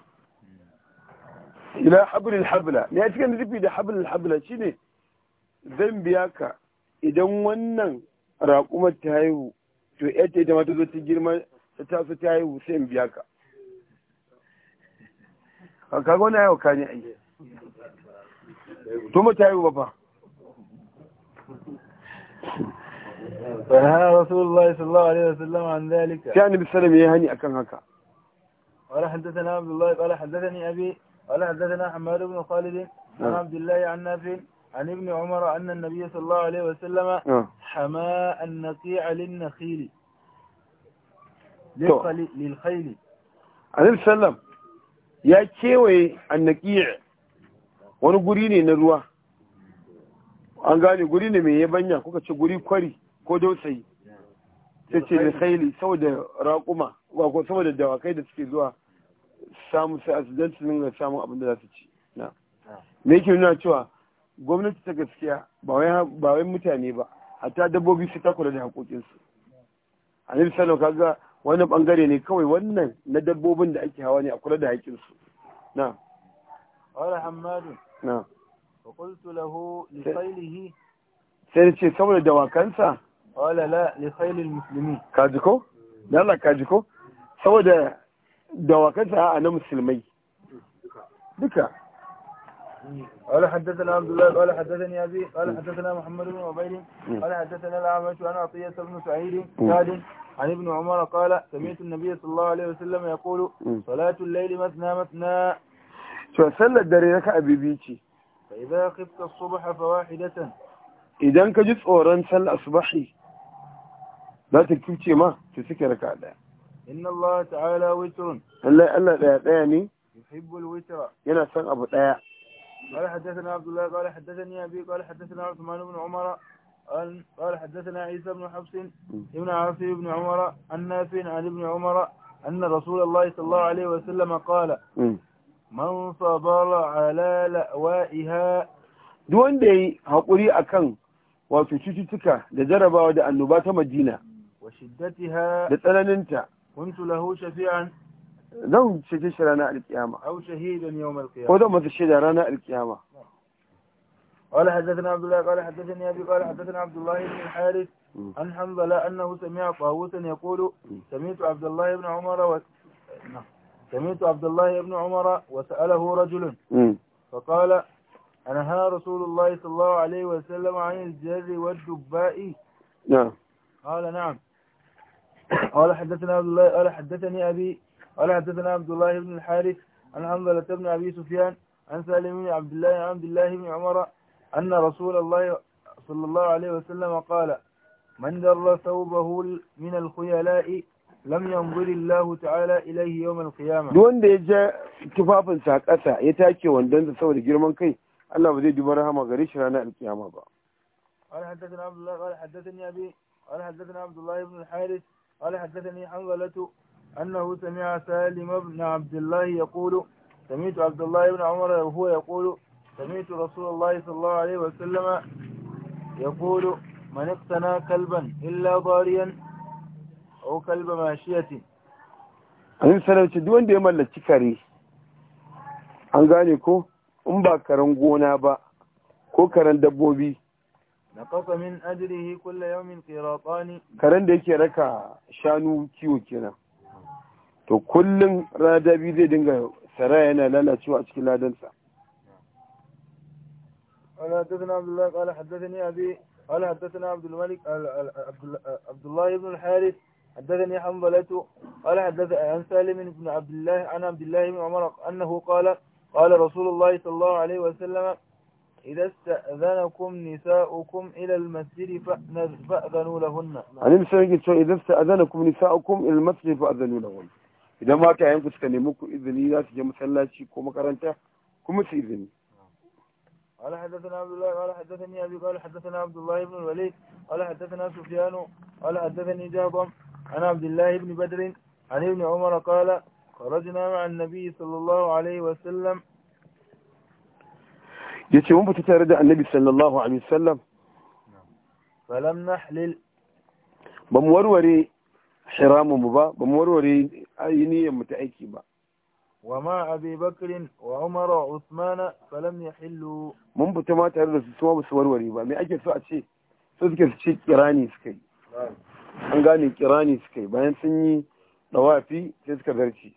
ila hablil habla ne cikin rufi da hablil habla shine zan biya ka idan wannan raƙumar ta haihu to yadda ita ma ta zo ta girma ta taso ta haihu sai in biya ka kaga wani yau ka ne ai to mu ta haihu ba fa فنهى رسول الله صلى الله عليه وسلم عن ذلك كان بالسلام يهني أكن هكا قال حدثنا عبد الله قال حدثني أبي قال حدثنا حماد بن خالد عن نعم. عبد الله عن نافع عن ابن عمر أن النبي صلى الله عليه وسلم آه. حما النقيع للنخيل للخيل عليه السلام والسلام يا annaki النقيع guri ne na ruwa an gane guri ne mai yabanya kuka ce guri kwari ko dausayi ta ce da khaili saboda raƙuma ko saboda dawakai da suke zuwa samu sai a sudan su dinga samun abin da za su ci na me yake nuna cewa gwamnati ta gaskiya ba wai mutane ba hatta dabbobi su ta kula da haƙoƙinsu a nan sanar kaga wani bangare ne kawai wannan na dabbobin da ake hawa ne a kula da haƙinsu na wala hamadu na fa qultu lahu li sai ce saboda dawakansa قال لا لخير المسلمين كاجكو لا لا كاجكو ko saboda dawakan sa'a na قال حدثنا عبد الله قال حدثني ابي قال حدثنا محمد بن عبيد قال حدثنا الاعمش عن عطيه بن سعيد قال عن ابن عمر قال سمعت النبي صلى الله عليه وسلم يقول صلاه الليل مثنى مثنى فصلى الدري لك ابي بيتي فاذا خفت الصبح فواحده اذا كجت ji اصبحي za ta kyuce ma ta suke raka daya inna Allah ta'ala witrun Allah Allah daya daya ne yuhibbul witra yana son abu daya قال حدثنا عبد الله قال حدثني أبي قال حدثنا عثمان بن عمر قال حدثنا عيسى بن حفص ابن عاصي بن عمر عن عن ابن عمر أن رسول الله صلى الله عليه وسلم قال man sabara ala la'wa'iha duk wanda yayi hakuri akan wato cututtuka da jarabawa da annoba ta Madina وشدتها انت كنت له شفيعا لو شجش رانا القيامة أو شهيدا يوم القيامة ما تشهد رانا القيامة قال حدثنا عبد الله قال حدثني أبي قال حدثنا عبد الله بن الحارث عن حنظلة أنه سمع طاووسا يقول سمعت عبد الله بن عمر و... نعم. سمعت عبد الله بن عمر وسأله رجل فقال أنهى رسول الله صلى الله عليه وسلم عن الجر والدباء نعم قال نعم قال حدثنا عبد الله قال حدثني أبي قال حدثنا عبد الله بن الحارث عن حنظلة بن أبي سفيان عن سالم بن عبد الله عن عبد الله بن عمر أن رسول الله صلى الله عليه وسلم قال من در ثوبه من الخيلاء لم ينظر الله تعالى اليه يوم القيامه دون duk wanda ya اسا يتاكي وندن ثوب ya take الله sa saboda girman kai Allah ba zai duba قال حدثنا عبد الله قال حدثني ابي قال حدثنا عبد الله بن الحارث قال حدثني حنظلة أنه سمع سالم بن عبد الله يقول سمعت عبد الله بن عمر وهو يقول سمعت رسول الله صلى الله عليه وسلم يقول من اقتنى كلبا إلا ضاريا أو كلب ماشية أنا سلام duk دي مالا تكاري أنا an gane أمبا in با karen gona ba نقص من أجره كل يوم قراطان كرن ديك ركا شانو كيو كنا تو كل kullun rada دنگا سرائنا dinga saraya yana lalacewa a قال حدثنا عبد الله قال حدثني أبي قال حدثنا عبد الملك عبد الله بن الحارث حدثني حنظلته قال حدث عن سالم بن عبد الله عن عبد الله بن عمر أنه قال قال رسول الله صلى الله عليه وسلم إذا استأذنكم نساؤكم إلى المسجد فأذنوا لهن أنا مثلا قلت إذا استأذنكم نساؤكم إلى المسجد فأذنوا لهن إذا ما كان يمكن إذن إذني لا تجي شيء كما كرنتا كما تإذني قال حدثنا عبد الله قال حدثني أبي قال حدثنا عبد الله بن الوليد قال حدثنا سفيان قال حدثني جابر عن عبد الله بن بدر عن ابن عمر قال خرجنا مع النبي صلى الله عليه وسلم ya ce mun fita tare da annabi sallallahu alaihi wasallam falam nahlil ba mu warware hiramun mu ba ba mu warware ainihin mu ta aiki ba wa ma abi bakrin wa umar wa usmana falam yahillu mun fita ma tare da su su ba su warware ba me ake so a ce su suke su ce kirani suka yi an gane kirani suka yi bayan sun yi dawafi sai suka zarci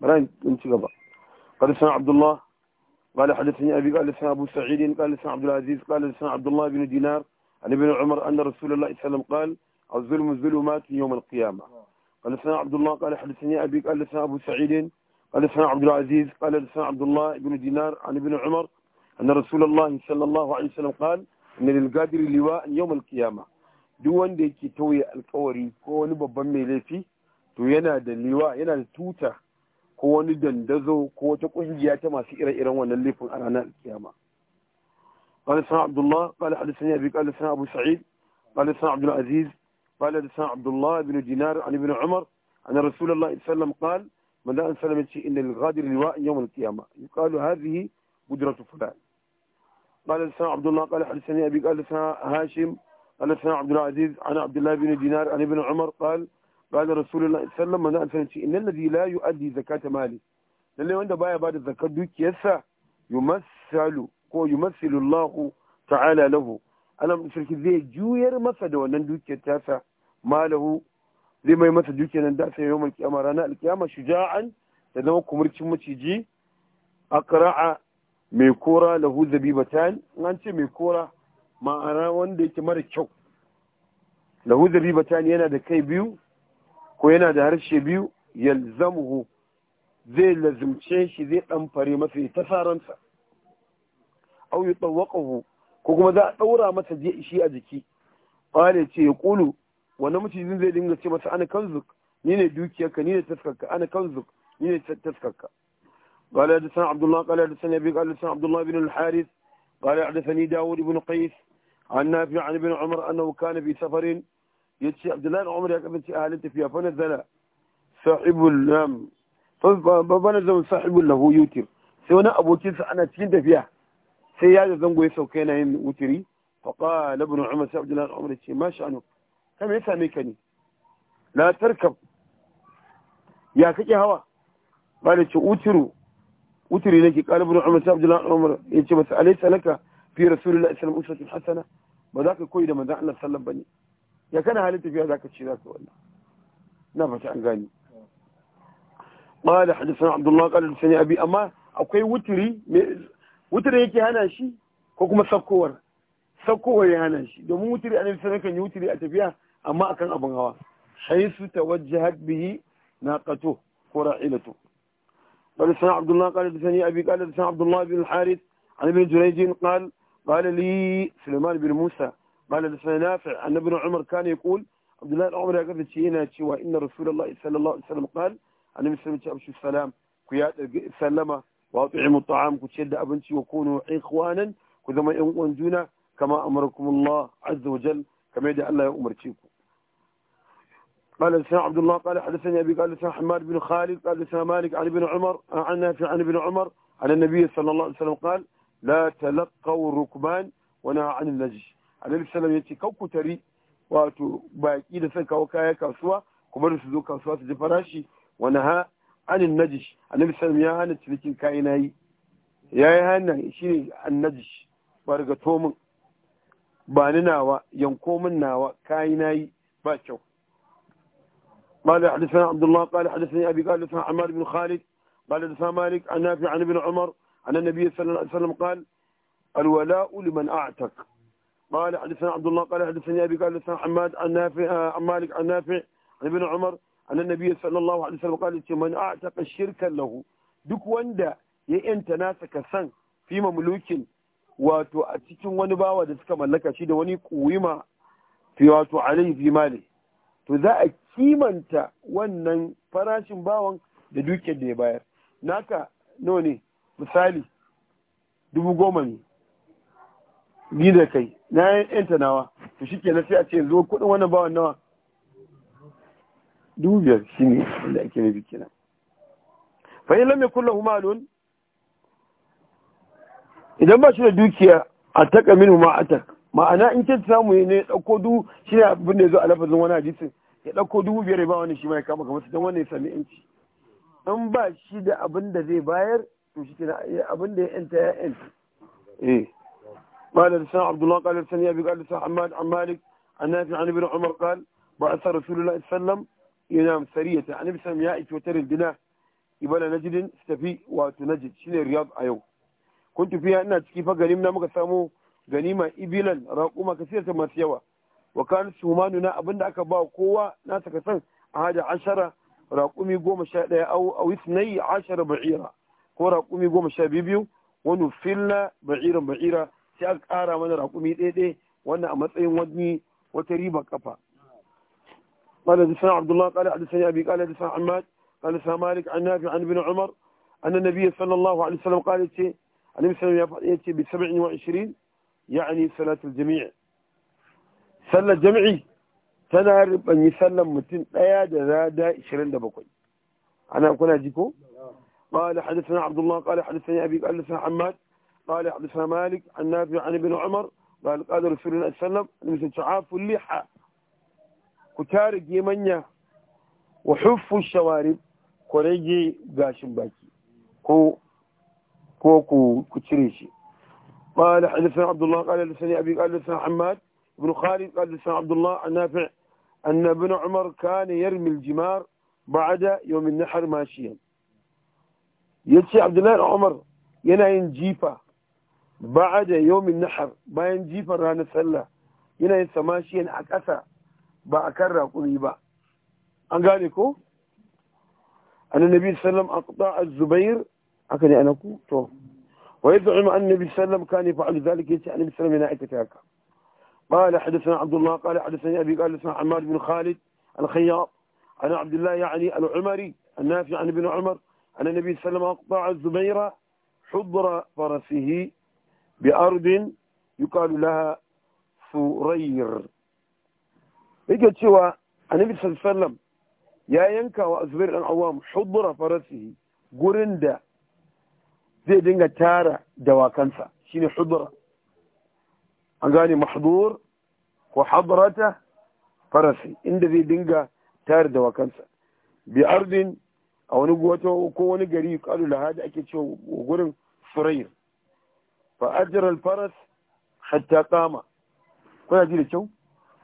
bari in ci gaba قال سمع عبد قال حدثني أبي قال لسنا أبو سعيد قال لسنا عبد العزيز قال لسنا عبد الله بن دينار عن ابن عمر أن رسول الله صلى الله عليه وسلم قال الظلم الظلمات يوم القيامة قال لسنا عبد الله قال حدثني أبي قال لسنا أبو سعيد قال لسنا عبد العزيز قال لسنا عبد الله بن دينار عن ابن عمر أن رسول الله صلى الله عليه وسلم قال إن للقادر لواء يوم القيامة دون ديكي توي الكوري كون ko wani babban mai laifi to yana da ko wani dandazo ko wata kungiya ta masu ire-iren wannan laifin a ranar kiyama قال سنا عبد الله قال حدثني ابي قال سنا ابو سعيد قال سنا عبد العزيز قال سنا عبد الله بن دينار عن ابن عمر ان رسول الله صلى الله عليه وسلم قال من لا انسلم شيء ان للغادر لواء يوم القيامه يقال هذه بجرة فلان قال سنا عبد الله قال حدثني ابي قال سنا هاشم قال سنا عبد العزيز عن عبد الله بن دينار عن ابن عمر قال qala rasulullahi sallallahu alaihi wasallam ce innal ladhi la yu'addi zakata mali lalle wanda baya bada zakar dukiyarsa yumassalu ko yumassilu Allah ta'ala lahu alam shirki zai juyar masa da wannan dukiyar tasa malahu zai mai masa dukiyar nan da sai kiyama ranar alkiyama shuja'an da zama kumurcin maciji akra'a mai kora lahu zabibatan an ce mai kora ma'ana wanda yake mara kyau lahu zabibatan yana da kai biyu ko yana da harshe biyu yalzamuhu zai lazimce shi zai dan fare masa ya tasaransa au yi tsawakahu ko kuma za a ɗaura masa je shi a jiki ƙwale ce ya ƙulu wani macijin zai dinga ce masa ana kan kanzuk ni ne dukiyarka ni ne taskarka ana kanzuk ni ne taskarka قال حدثنا عبد الله قال حدثنا ابي قال حدثنا عبد الله بن الحارث قال حدثني داود بن قيس عن نافع عن ابن عمر انه كان في سفر ya ce abdullahi umar ya kasance a halin tafiya fa nazala sahibul lam fa nazala sahibul lahu yutir sai wani abokinsa ana cikin tafiya sai ya ga zango ya sauka yana yin wutiri fa qala ibn umar sai abdullahi umar ya ce ma sha'anu kame ya same ka ne la tarkab ya kake hawa ba da ce utiru wutiri nake qala ibn umar sai abdullahi umar ya ce masa alaysa laka fi rasulillahi sallallahu alaihi wasallam uswatun hasana ba za ka koyi da manzon Allah sallallahu alaihi wasallam bane ya kana halin tafiya za ka ci za ka wannan na fata an gani قال حدثنا عبد الله قال حدثني ابي akwai wuturi wuturi yake hana shi ko kuma sakkowar sakkowar ya hana shi domin wuturi annabi sallallahu kan yi a tafiya amma akan abin hawa haisu tawajjahat bihi naqatu ko ra'ilatu قال سنا عبد الله قال حدثني ابي قال حدثنا عبد الله بن الحارث عن ابن جريج قال قال لي سليمان بن موسى قال نافع أن ابن عمر كان يقول عبد الله العمر يقول يقول شيئنا وإن رسول الله صلى الله عليه وسلم قال أنا مسلم أبشو السلام كيات سلمة وأطعموا الطعام كتشد أبنتي وكونوا إخوانا كذما ينقون كما أمركم الله عز وجل كما يدعى الله يأمر تيكم قال لسنا عبد الله قال حدثني أبي قال لسنا حماد بن خالد قال لسنا مالك عن ابن عمر عن نافع عن ابن عمر عن النبي صلى الله عليه وسلم قال لا تلقوا الركبان ونهى عن النجش annabi salam ya ce kan ku tari wato baki da suka kawo kaya kasuwa kuma da su zo kasuwa su ji farashi wani ha anin najish annabi salam ya hana cinikin kayan yi ya yi hana shi ne an najish barga tomin ba ni nawa yanko min nawa kayan yi ba kyau قال حدثنا عبد الله قال حدثني أبي قال حدثنا عمار بن خالد قال حدثنا مالك عن نافع عن ابن عمر أن النبي صلى الله عليه وسلم قال الولاء لمن قال حدثنا عبد الله قال حدثني أبي قال حدثنا حماد عن نافع عن مالك عن نافع عن ابن عمر أن النبي صلى الله عليه وسلم قال من أعتق الشرك له duk wanda ya yanta nasa ka san fi mamlukin wato a cikin wani bawa da suka mallaka shi da wani kuwima fi wato alaihi fi to za a kimanta wannan farashin bawan da dukiyar da ya bayar naka nawa ne misali dubu goma ne ni da kai na yanta nawa to shi kenan sai a ce zo kuɗin wannan ba nawa dubu biyar shi ne da ake nufi kenan fa in lam yakul lahu malun idan ba shi da dukiya a taka huma ma tak, ma'ana in kin samu ne ya dauko dubu shi ne abin da ya zo a lafazin wani hadisin ya dauko dubu biyar ya ba wani shi mai kama kamar don wani ya sami yanci in ba shi da abin da zai bayar to shi kenan abin da ya yanta ya yanta eh قال لسان عبد الله قال لسنا أبي قال لسان حماد عن مالك عن نافع عن ابن عمر قال بعث رسول الله صلى الله عليه وسلم ينام سرية عن يعني ابن سلم يأتي وتر الجناح نجد استفي وتنجد شنو الرياض أيو كنت فيها أنها تكيف غنيمنا مكسامو غنيمة إبلا راقوما كثيرة ما سيوا وكان سوماننا أبن أكبا قوة ناس كسان هذا عشرة راقومي قوم شاء أو أو اثني عشر بعيرة ko قومي goma sha biyu بعيرا بعيرا sai aka mana rakumi daidai wannan a matsayin wani wata riba kafa قال حدثنا عبد الله قال حدثني ابي قال حدثنا عماد قال حدثنا مالك عن نافع عن ابن عمر ان النبي صلى الله عليه وسلم قال يتي عليه السلام ياتي ب 27 يعني صلاه الجميع صلى الجمعي tana ان sallan متين daya da rada 27 ana kuna jiko قال حدثنا عبد الله قال حدثني ابي قال حدثنا عماد قال السلام مالك عن نافع عن ابن عمر قال قال رسول الله صلى الله عليه وسلم مثل تعاف اللحى كتار يمنيا وحف الشوارب كوريجي قاشم باكي كو كو كتريشي قال حدثنا عبد الله قال لسني أبي قال لسنا حماد بن خالد قال لسنا عبد الله عن نافع أن ابن عمر كان يرمي الجمار بعد يوم النحر ماشيا يتشي عبد الله عمر ينعين جيفة بعد يوم النحر باين جيفر رانا سلا ينا يسماشي ان اكسا با اكرر قولي با ان النبي صلى الله عليه وسلم اقطع الزبير اكني انا كو تو ويدعم ان النبي صلى الله عليه وسلم كان يفعل ذلك يسعى النبي صلى الله عليه وسلم قال حدثنا عبد الله قال حدثني ابي قال حدثنا عمار بن خالد الخياط انا عبد الله يعني العمري النافع عن ابن عمر ان النبي صلى الله عليه وسلم اقطع الزبير حضر فرسه bi'ardin yuqalu laha furayr yake cewa annabi sallallahu ya yanka wa azbir dan awam hudura farasihi gurin da zai dinga tara dawakansa shine hudura an gane mahdur ko hadrata farasi inda zai dinga tara dawakansa bi ardin a wani goto ko gari kalu ake cewa gurin furayr fa ajral faras hatta qama kuna ji da kyau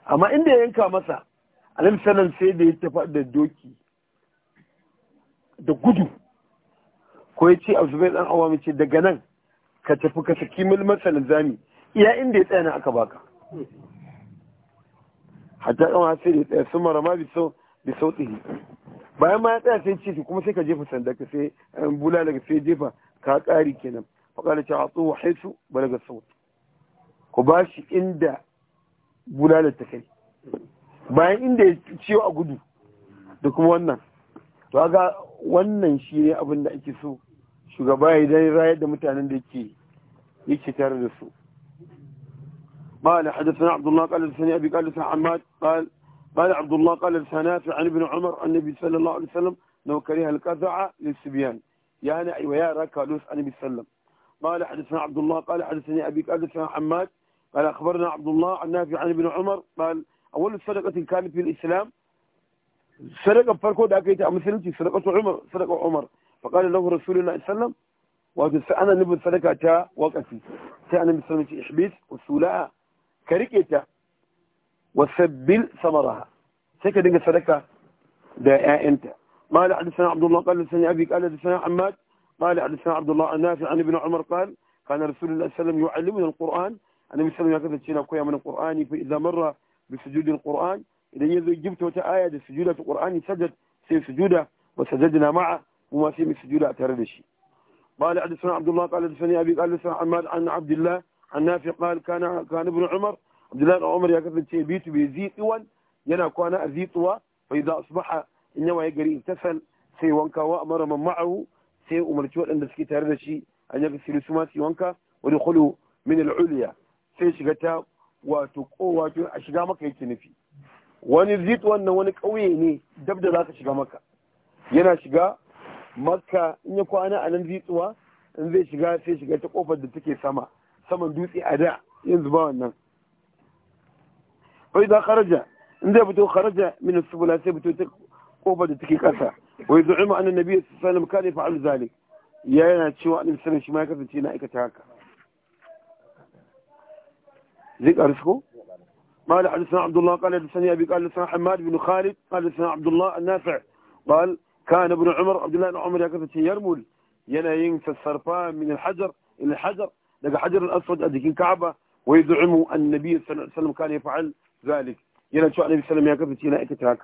amma inda ya yanka masa alim sanan sai da ya tafi da doki da gudu ko ya ce azubai dan awami ce daga nan ka tafi ka saki mil na zami iya inda ya tsaya na aka baka hatta kama sai da ya tsaya sun marama bisau bi tsiri bayan ma ya tsaya sai ce kuma sai ka jefa sanda ka sai eh, bulala daga sai jefa ka ƙari kenan faƙaɗa ce a tsohu haisu balaga saut ku ba shi inda bulalar ta kai bayan inda ya ciwo a gudu da kuma wannan to ga wannan shi ne abin da ake so shugaba ya dai rayar da mutanen da yake yake tare da su قال حدثنا عبد الله قال لساني ابي قال لسان عماد قال قال عبد الله قال لسان عن ابن عمر النبي صلى الله عليه وسلم أنه كره للسبيان يعني أيوة يا ركالوس النبي صلى الله عليه وسلم قال حدثنا عبد الله قال حدثني أبي قال حدثنا حماد قال أخبرنا عبد الله عن نافع عن ابن عمر قال أول سرقه كانت في الإسلام صدقة فرقه دا كيت أمثلتي صدقة عمر صدقة عمر فقال له رسول الله صلى الله عليه وسلم وأنا نبذ صدقة تا وقتي سأنا مسلمتي إحبيس وسولاها كريكيتا وسبل ثمرها سكت صدقة دائما أنت ما حدثنا عبد الله قال حدثني أبي قال حدثنا حماد قال حدثنا عبد الله النافع عن ابن عمر قال كان رسول الله صلى الله عليه وسلم يعلمنا القرآن النبي صلى الله عليه وسلم يكذب كويا من القرآن فإذا مر بسجود القرآن إذا يذو جبت آية السجود القرآن سجد في سجوده وسجدنا معه وما في من سجود أتردشي قال حدثنا عبد الله قال حدثني أبي قال حدثنا عماد عن عبد الله عن نافع قال كان كان ابن عمر عبد الله بن عمر يكذب شيء بيت بيزيد طوى ينا كان أزيد طوى فإذا أصبح إنما يجري اغتسل وانكا وأمر من معه sai umarci waɗanda suke tare da shi a yaka siri su masu wanka wani khulu min al'uliya sai shiga ta wato ko wato a shiga maka yake nufi wani zit wannan wani ƙauye ne dab da za ka shiga maka yana shiga maka in ya kwana a nan zituwa in zai shiga sai shiga ta kofar da take sama saman dutse a da yanzu ba wannan fa idan kharaja in zai fito kharaja min subula sai fito ta kofar da take kasa ويزعم أن النبي صلى الله عليه وسلم كان يفعل ذلك يا أنا شو أن مسلم شو ما يكفي تينا نائك تهاك ذيك أرسكو قال حدثنا عبد الله قال حدثنا أبي قال حدثنا حماد بن خالد قال حدثنا عبد الله النافع قال كان ابن عمر عبد الله بن عمر يكفي شيء يرمل ينين ينفى الصرفان من الحجر إلى الحجر لقى حجر الأسود أديك كعبة ويزعم أن النبي صلى الله عليه وسلم كان يفعل ذلك يلا شو النبي صلى الله عليه وسلم يكفي شيء نائك تهاك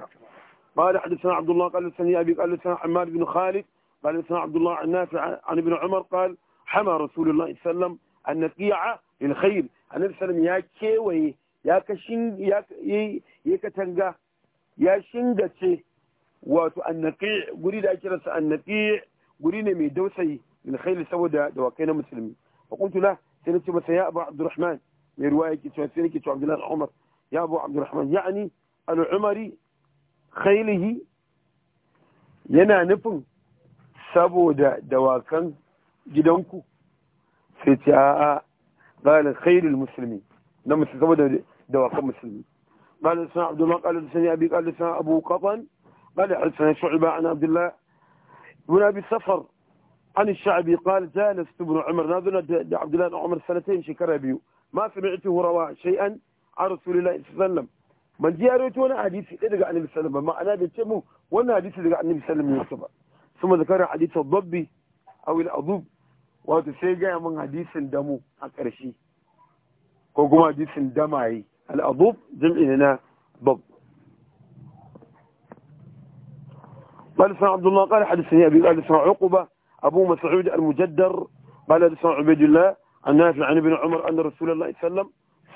قال حدثنا عبد الله قال حدثنا ابي قال حدثنا عمار بن خالد قال حدثنا عبد الله عن نافع عن ابن عمر قال حمى رسول الله صلى الله عليه وسلم النقيعة للخير عن النبي يا كي يا كشين يا كي يا كتنجا يا شنجتي واتو النقيع قريد اجرس النقيع قولي مي دوسي من خير سودا دوكينا مسلمين فقلت له سنتي بس يا ابو عبد الرحمن من روايه سنتي عبد الله عمر يا ابو عبد الرحمن يعني العمري khailihi yana nufin saboda dawakan gidanku sai ce قال خير المسلمين لما تزود دواق مسلمين قال سنة عبد الله قال سنة أبي قال سنة أبو قطن قال سنة شعبة عن عبد الله ابن أبي سفر عن الشعبي قال جالست ابن عمر ناظرنا عبد الله عمر سنتين شكر أبيه ما سمعته رواه شيئا عن رسول الله صلى الله عليه وسلم man ji ya rawaito wani hadisi ɗaya daga annabi sallallahu alaihi ma'ana da ce mu wani hadisi daga annabi sallallahu alaihi wasallam kuma zakarin hadisi babbi aw al adub wato sai gaya min hadisin damu a ƙarshe ko kuma hadisin damaye al adub jam'i na bab قال سمع عبد الله قال حدثني أبي قال سمع عقبة أبو مسعود المجدر قال سمع عبيد الله عن نافع عن ابن عمر أن رسول الله صلى الله عليه وسلم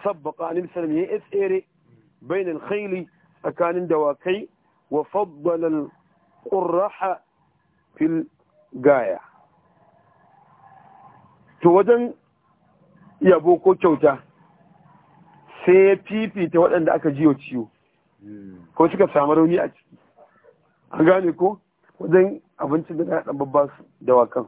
سبق عن ابن سلم يأس إيري Bainan al tsakanin dawakai wa faddala al-qurraha fil gaya to wajen yabo ko kyauta sai ya fifita waɗanda aka jiyo ciwo ko suka samu rauni a ciki an gane ko wajen abincin da na ɗan babba su dawakan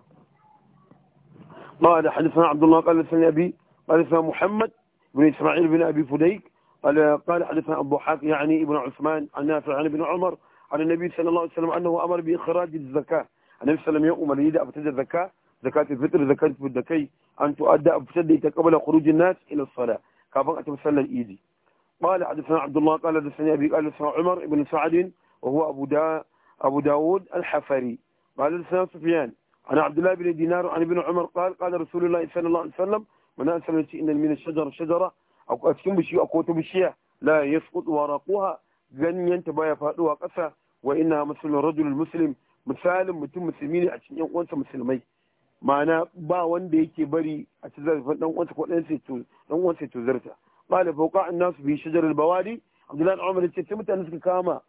a حدثنا عبد الله قال لسان أبي قال لسان محمد بن إسماعيل بن أبي فديك قال قال حدثنا أبو حاتم يعني ابن عثمان عن نافع عن ابن عمر عن النبي صلى الله عليه وسلم أنه أمر بإخراج الزكاة النبي صلى الله عليه وسلم يوم يدع فتد الزكاة زكاة الفطر زكاة الدكي أن تؤدى بسديت قبل خروج الناس إلى الصلاة كافن أتمسل الإيدي قال حدثنا عبد الله قال حدثنا أبي قال حدثنا عمر بن سعد وهو أبو دا أبو داود الحفري قال حدثنا سفيان عن عبد الله بن دينار عن ابن عمر قال قال رسول الله صلى الله عليه وسلم من أسلم شيئا من الشجر شجرة a cikin bishiyu akwai wata bishiya la yasqutu waraquha ganyenta baya faɗuwa ƙasa wa ina musulun rajulul muslim misalin mutum musulmi ne a cikin yan uwansa musulmai ma'ana ba wanda yake bari a cikin zarafin ɗan uwansa ko ɗan dan uwansa ya zarta qala fawqa an-nas bi shajar al abdullahi umar ce sai mutane suka kama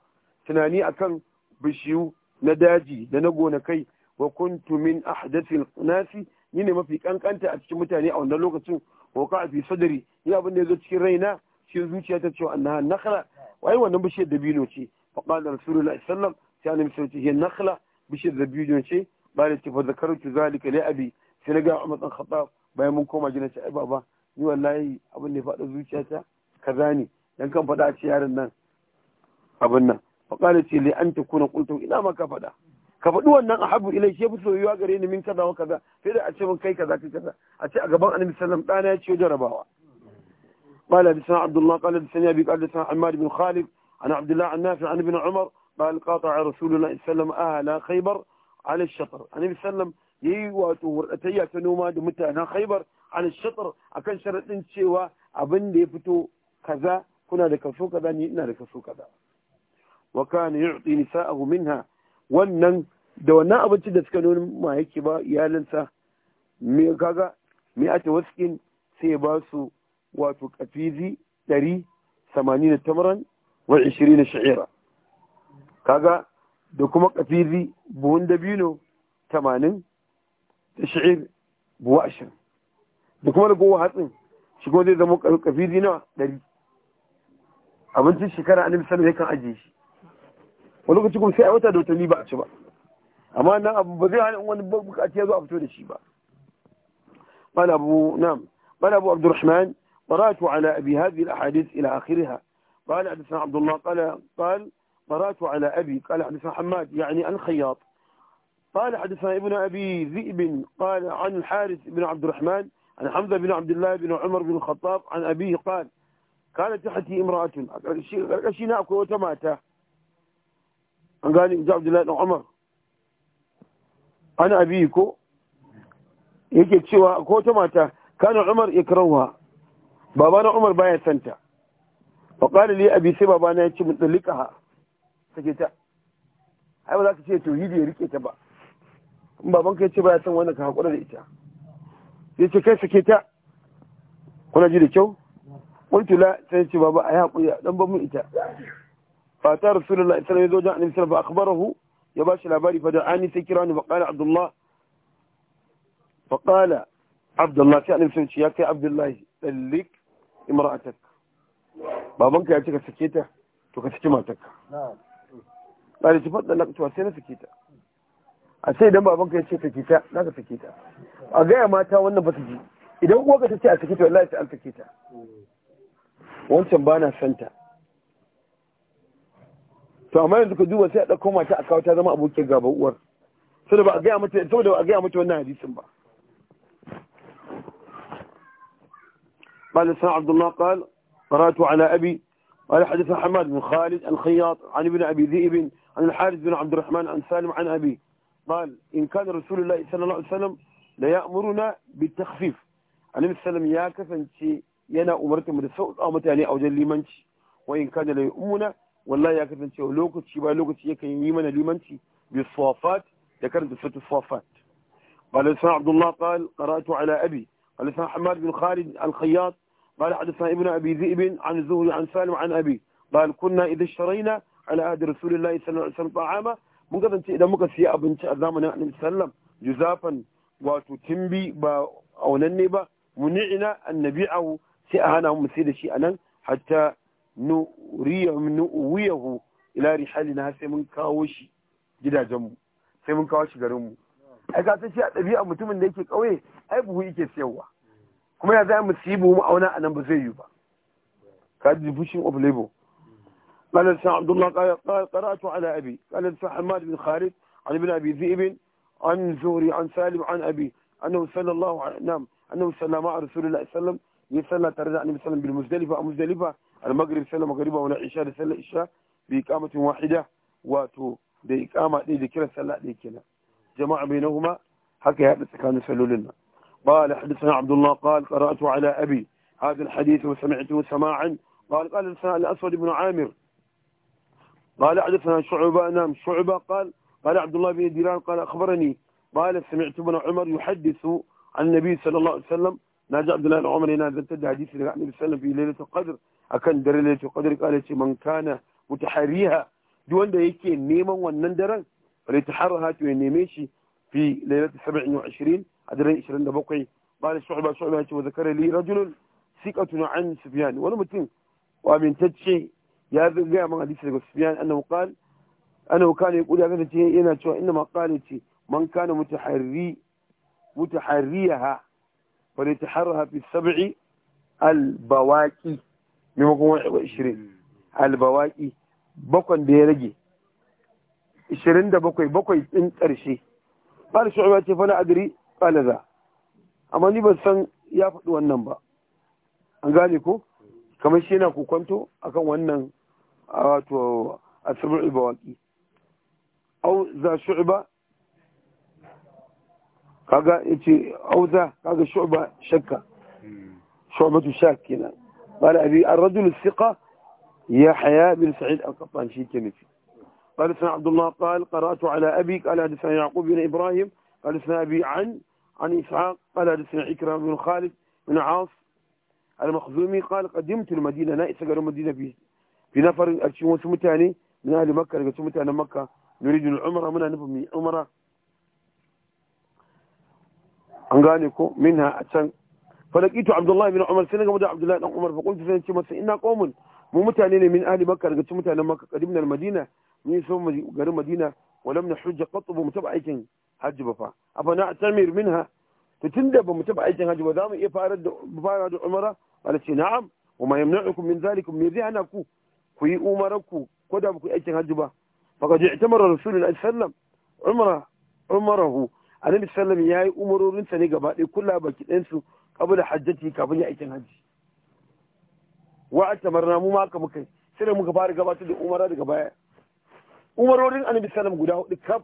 tunani akan bishiyu na daji da na gonakai wa kuntu min ahdathil nasi ni ne mafi kankanta a cikin mutane a wannan lokacin boka ka fi sadri ni abin da zo cikin raina cikin zuciya ta cewa annaha nakhla wai wannan bishiyar dabino ce fa qala rasulullahi sallallahu sai annabi sai ce nakhla bishiyar dabino ce ba da ce fa zakartu zalika li abi sai na ga Umar dan Khattab bayan mun koma gida ce ai baba ni wallahi abin da ya faɗa zuciyata kaza ne dan kan faɗa a ce yaron nan abin nan fa qala ce li an takuna qultu ina ma ka faɗa ka faɗi wannan ahabu ilai shi ya fi gare ni min kaza wa kaza sai da a ce min kai kaza kai kaza a ce a gaban annabi sallam ɗana ya ciyo jarabawa قال حدثنا عبد الله قال حدثني ابي قال حدثنا عمار بن خالد عن عبد الله عن نافع عن ابن عمر قال قاطع رسول الله صلى الله عليه وسلم اهل خيبر على الشطر النبي صلى الله عليه وسلم yayi wato wurɗatayya ta noma da mutanen khaibar an akan sharaɗin cewa abin da ya fito kaza kuna da kaso kaza ni ina da kaso kaza wa kana yu'ti nisa'ahu minha wannan da wannan abinci da suka nuna ma yake ba iyalinsa me kaga me a waskin sai ba su wato kafizi ɗari samani na tamaran wa ishirin na sha'ira kaga da kuma kafizi buhun da biyu tamanin da sha'ir buwa ashirin da kuma ragowa hatsin shi kuma zai zama kafizi na ɗari abincin shekara annabi sallallahu alaihi kan ajiye shi wani lokaci kuma sai a wata da wata ba a ci ba amma nan abu ba zai hana wani bukaci ya zo a fito da shi ba قال أبو نعم قال أبو عبد الرحمن قرأت على أبي هذه الأحاديث إلى آخرها قال حدثنا عبد الله قال قال قرأت على أبي قال حدثنا حماد يعني عن خياط قال حدثنا ابن أبي ذئب قال عن الحارث بن عبد الرحمن عن حمزة بن عبد الله بن عمر بن الخطاب عن أبيه قال كانت تحتي امرأة an gane in ji abdullahi ɗan umar ana abi ko yake cewa ko ta mata kana umar karawa baba na umar baya santa fa qala li abi sai baba na yace mutallikaha sake ta ai ba za ka ce tauhidi ya rike ta ba in baban ka ba baya san wannan ka haƙura da ita yace kai sake ta kuna ji da kyau wani la sai ce baba a ya hakuri dan ba mu ita fata rasulullahi sallallahu alaihi wasallam annabi sallallahu ya bashi labari fa sai kira ni fa qala abdullah fa qala ya kai abdullahi dallik imra'atak babanka ya ce ka sake ta to ka saki matarka ba da ci faɗa lakatuwa sai na sake a sai idan babanka ya ce sake ka sake a gaya mata wannan ba su ji idan uwa ka ta ce a sake wallahi sai an wancan ba na santa to amma yanzu ka duba sai a dauko mata a kawo ta zama abokin gaba uwar saboda ba a gaya mata saboda ba a gaya mata wannan hadisin ba قال سنا عبد الله قال قرأت على أبي قال حدث حماد بن خالد الخياط عن ابن أبي ذئب عن الحارث بن عبد الرحمن عن سالم عن أبي قال إن كان رسول الله صلى الله عليه وسلم لا يامرنا بالتخفيف عليه السلام يا كفنشي ينا أمرتم بسوط يعني أو متاني أو جلي منشي وإن كان ليؤمنا wallahi ya kasance lokaci ba lokaci yakan yi mana limanci bi safat da karanta sura safat قال لسان عبد الله قال قرأت على أبي قال لسان حماد بن خالد الخياط قال حدثنا ابن أبي ذئب عن الزهري عن سالم عن أبي قال كنا إذا اشترينا على عهد رسول الله صلى الله عليه وسلم طعاما mun kasance idan muka siya abinci a zamanin annabi sallam juzafan wato timbi ba aunanne ba muni'ina annabi'ahu sai a hana mu sai da shi anan hatta نريهم نؤويه الى رحالنا سي كاوشي جداجنمو سي من كاوشي غرمو اي كاتا شي ادبي ا متومن دا يكي قوي اي بو يكي سيوا كما يا زي اونا انا ما زي يوبا كاد ديفوشن اوف ليبو قال سيدنا عبد الله قال قرات على ابي قال سيدنا حماد بن خالد عن ابن ابي ذئب عن زوري عن سالم عن ابي انه صلى الله عليه وسلم نعم، انه صلى مع رسول الله صلى عليه وسلم يصلى ترجع النبي صلى الله عليه وسلم بالمزدلفه او مزدلفه المغرب sallar magariba ولا عشاء da عشاء باقامه واحده واتو wahida wato da ikama ɗaya da جماعة بينهما حكى هذا jama'a bainahuma لنا قال حدثنا عبد الله قال قرأت على أبي هذا الحديث وسمعته سماعا قال قال حدثنا الأسود بن عامر قال حدثنا شعبة نعم شعبة قال قال عبد الله بن ديران قال أخبرني قال سمعت ابن عمر يحدث عن النبي صلى الله عليه وسلم ناجى عبد الله بن عمر ينادى الحديث حديث النبي صلى الله عليه وسلم في ليلة القدر akan dare ne qadar qala ce man kana mutahariha duk wanda yake neman wannan daren bari taharraha to ya neme shi fi lailati 27 a daren 27 qala shu'ba shu'ba ya ce wa zakara li rajulun thiqatun an sufyan wani mutum wa amintacce ya ga man hadisi daga sufyan annahu qala annahu kana yaqulu ya ce yana cewa inna ma qala ce man kana mutaharri mutaharriha فليتحرها في السبع البواكي maimakon wani abu ishirin albawaki bakwan da ya rage ishirin da bakwai bakwai ɗin ƙarshe ƙwada shu'aba ce fana adiri ƙwada za amma ni ba san ya faɗi wannan ba an gane ko kamar shi yana kukwanto akan wannan wato asibar albawaki au za ba kaga yace au za kaga shu'aba shakka hmm. shu'abatu shak kenan قال أبي الرجل الثقة يحيى بن سعيد القطان شيء كنفي قال سنا عبد الله قال قرأت على أبي قال حدثنا يعقوب بن إبراهيم قال سنا أبي عن عن إسحاق قال حدثنا إكرام بن خالد بن عاص المخزومي قال قدمت المدينة نائسة قالوا المدينة في في نفر أرشيمون سمتاني من أهل مكة لقد سمتان مكة نريد العمرة منها نفهم عمرة an منها ko falakitu abdullahi bin umar sai na gamu da abdullahi dan umar fa kuntu sai ce masa ina qaumun mu mutane ne min ahli makka daga cikin mutanen makka qadimna al-madina ni so garin madina walam na hujja qattu mu taba aikin hajji ba fa afa na tamir minha to tunda ba mu taba aikin hajji ba za mu iya fara da fara da umara wala ce na'am wa ma yamna'ukum min zalikum me zai hana ku ku yi umarar ko da ku ba faqad i'tamara rasulullahi sallallahu alaihi umarahu umarorin sa ne gaba ɗaya kula baki da hajjati kafin ya aikin hajji wa tamar mu ma muka yi sai da muka fara gabatar da umara daga baya umarorin annabi sallam guda hudu kaf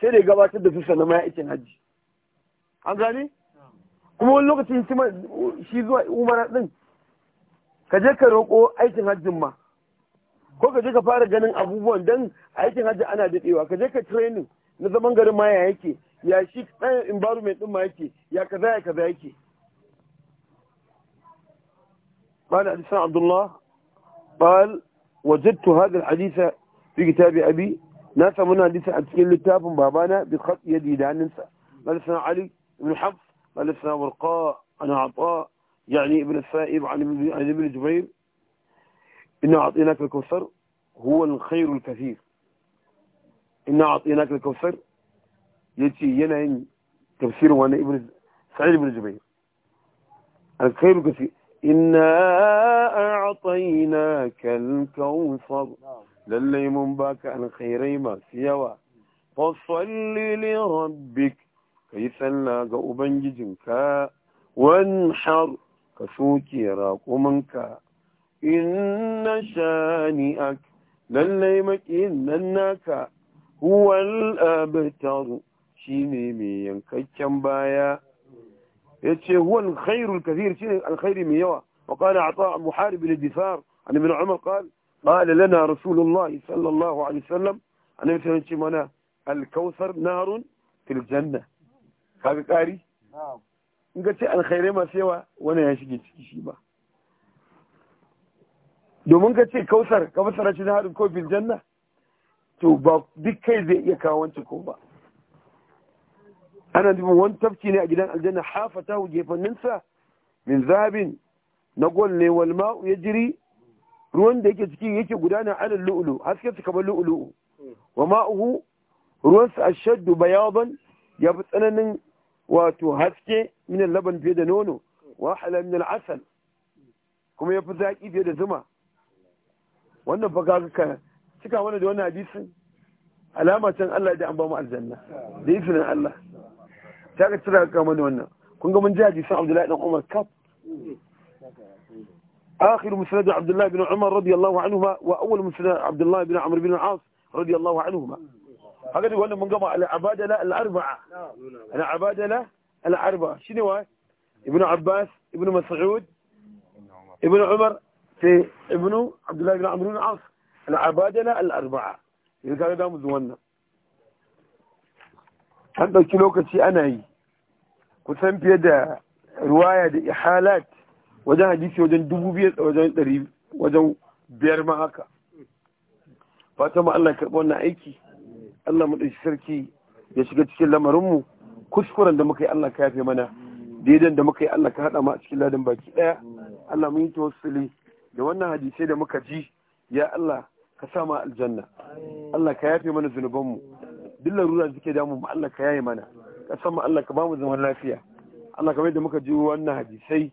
sai da gabatar da su sannan ma ya aikin hajji an gane kuma wani lokacin shi zuwa umara din ka je ka roƙo aikin hajjin ma ko ka je ka fara ganin abubuwan don aikin hajji ana daɗewa ka je ka training na zaman garin ma ya yake ya shi ɗan environment ɗin ma yake ya kaza ya kaza yake قال حدثنا عبد الله قال وجدت هذا الحديث في كتاب أبي ناسا من حديث أتكين للتاب بابانا بخط يدي لا ننسى قال حدثنا علي بن حفص قال حدثنا ورقاء عن عطاء يعني ابن السائب عن ابن جبريل إن أعطيناك الكوثر هو الخير الكثير إن أعطيناك الكوثر يجي ينعي تفسيره وانا ابن سعيد بن جبير الخير الكثير inna a'tayna kal kawthar lallai mun baka alkhairai masu yawa fasalli li rabbik kai sallah ga ubangijinka wanhar ka soke raƙuminka inna shani'ak lallai maƙin nan naka huwal abtar shine mai yankakken baya yace huwa alkhairu alkathir shine alkhairi mai yawa wa qala ata muharib lidifar an ibn umar qala qala lana rasulullah sallallahu alaihi wasallam annabi sai yace alkausar narun fil janna kaga ce alkhairai masu yawa wannan ya shige ciki shi ba domin ka ce kausar ka fasara shi na harin kofin janna to ba duk kai zai iya kawo ko ba ana duban wani tafki ne a gidan aljanna hafata hu gefanninsa min zahabin na gol ne ma'u ya jiri ruwan da yake ciki yake gudana ala lu'ulu haske su kamar lu'ulu wa ma'uhu ruwansa ashaddu bayadan ya fi tsananin wato haske minan laban fiye da nono wa hala min al'asal kuma ya fi zaƙi fiye da zuma wannan fa kaga ka cika mana da wannan hadisin can Allah da an ba mu aljanna da izinin Allah ta ga tura ka mana wannan kun ga mun ji hadisin Abdullahi dan آخر مسند عبد الله بن عمر رضي الله عنهما وأول مسند عبد الله بن عمر بن العاص رضي الله عنهما هكذا يقولنا من قمع العبادلة الأربعة العبادلة الأربعة شنو ابن عباس ابن مسعود ابن عمر في ابن عبد الله بن عمر بن العاص العبادلة الأربعة إذا كان دام زوانا an ɗauki lokaci ana yi kusan fiye da ruwaya da ihalat wajen hadisi wajen dubu biyar wajen ɗari wajen biyar ma haka fatan ma Allah karɓi wannan aiki Allah mu ɗauki sarki ya shiga cikin lamarinmu kuskuren da muka yi Allah ka yafe mana daidan da muka yi Allah ka haɗa ma cikin ladan baki ɗaya Allah mun yi tawassuli da wannan hadisai da muka ji ya Allah ka sa ma aljanna Allah ka yafe mana zunubanmu duk larura suke damu mu Allah ka yaye mana kasan mu Allah ka bamu zaman lafiya Allah kamar yadda muka ji wannan hadisai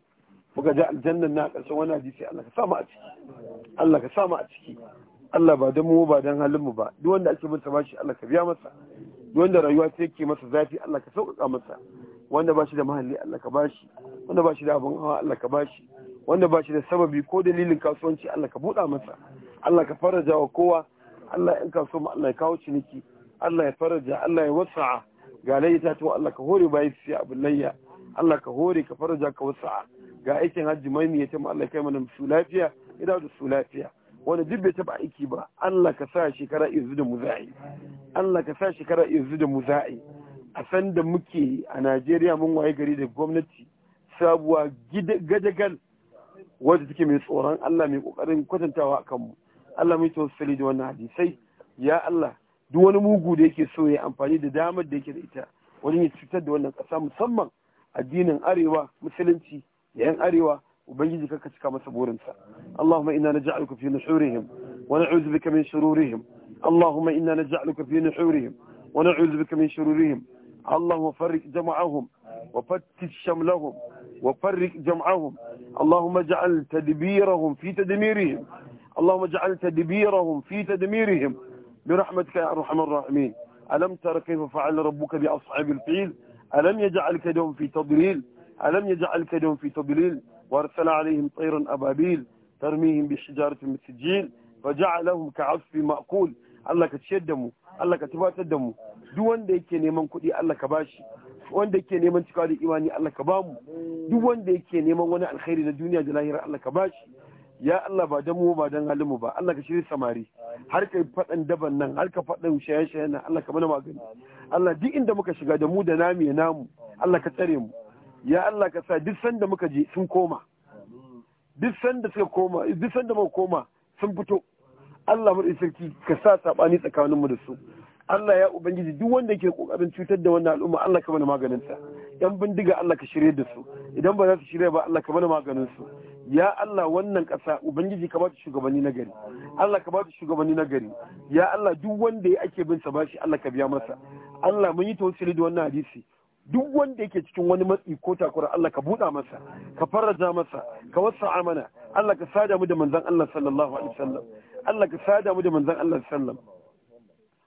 muka ji aljannan na kasan wannan hadisi Allah ka sa mu a ciki Allah ka sa mu a ciki Allah ba dan mu ba dan halin mu ba duk wanda ake bin bashi Allah ka biya masa duk wanda rayuwa ta yake masa zafi Allah ka sauƙaƙa masa wanda ba shi da mahalli Allah ka bashi wanda ba shi da abin hawa Allah ka bashi wanda ba shi da sababi ko dalilin kasuwanci Allah ka buɗa masa Allah ka faraja wa kowa Allah in kaso mu Allah ya kawo ciniki Allah ya faraja Allah ya wasa'a ga laita ta Allah ka hore bayi sai abin layya Allah ka hore ka faraja ka wasa'a ga aikin hajji mai ya tama Allah kai mana su lafiya ina da su lafiya wanda duk bai taba aiki ba Allah ka sa shekara yanzu da muza'i Allah ka sa shekara yanzu da muza'i a san da muke a Najeriya mun waye gari da gwamnati sabuwa gadagal wanda take mai tsoron Allah mai kokarin kwatantawa a kanmu Allah mai tawassuli da wannan hadisai ya Allah duk wani mugu da yake so ya amfani da damar da yake da ita wani ya cutar da wannan ƙasa musamman addinin arewa musulunci da yan arewa ubangiji kaka cika masa burinsa allahumma inna naj'aluka fi nuhurihim wa na'udhu bika min shururihim allahumma inna naj'aluka fi nuhurihim wa na'udhu bika min shururihim اللهم فرق جمعهم وفتش شملهم وفرق جمعهم اللهم اجعل تدبيرهم في تدميرهم اللهم اجعل تدبيرهم في تدميرهم برحمتك يا أرحم الراحمين ألم تر كيف فعل ربك بأصحاب الفيل ألم يجعل كدهم في تضليل ألم يجعل كدهم في تضليل وارسل عليهم طيرا أبابيل ترميهم بشجارة من سجيل فجعلهم كعصف مأكول الله كتشير الله كتبات دمو دو وان دي كي نيمان كودي الله كباشي وان دي كي نيمان تكالي إيماني الله كبامو دو وان دي كي نيمان وانا الخير للدنيا دلاهرة الله كباشي ya Allah ba dan mu ba dan halin mu ba Allah ka shirye samari har kai fadan daban nan har ka fadan shaye shaye nan Allah ka mana magani Allah duk inda muka shiga da mu da namu ya namu Allah ka tsare mu ya Allah ka sa duk sanda muka je sun koma duk sanda suka koma duk sanda muka koma sun fito Allah mu sarki ka sa sabani tsakaninmu da su Allah ya ubangiji duk wanda yake kokarin cutar da wannan al'umma Allah ka mana maganin sa yan bindiga Allah ka shirye da su idan ba za su shirye ba Allah ka mana maganin su ya Allah wannan ƙasa ubangiji ka bata shugabanni na gari Allah ka bata shugabanni na gari ya Allah duk wanda ya ake bin sa bashi Allah ka biya masa Allah mun yi tawassuli da wannan hadisi duk wanda yake cikin wani matsi ko takura Allah ka buɗa masa ka farraja masa ka wasa mana Allah ka sada mu da manzon Allah sallallahu alaihi wasallam Allah ka sada mu da manzon Allah sallam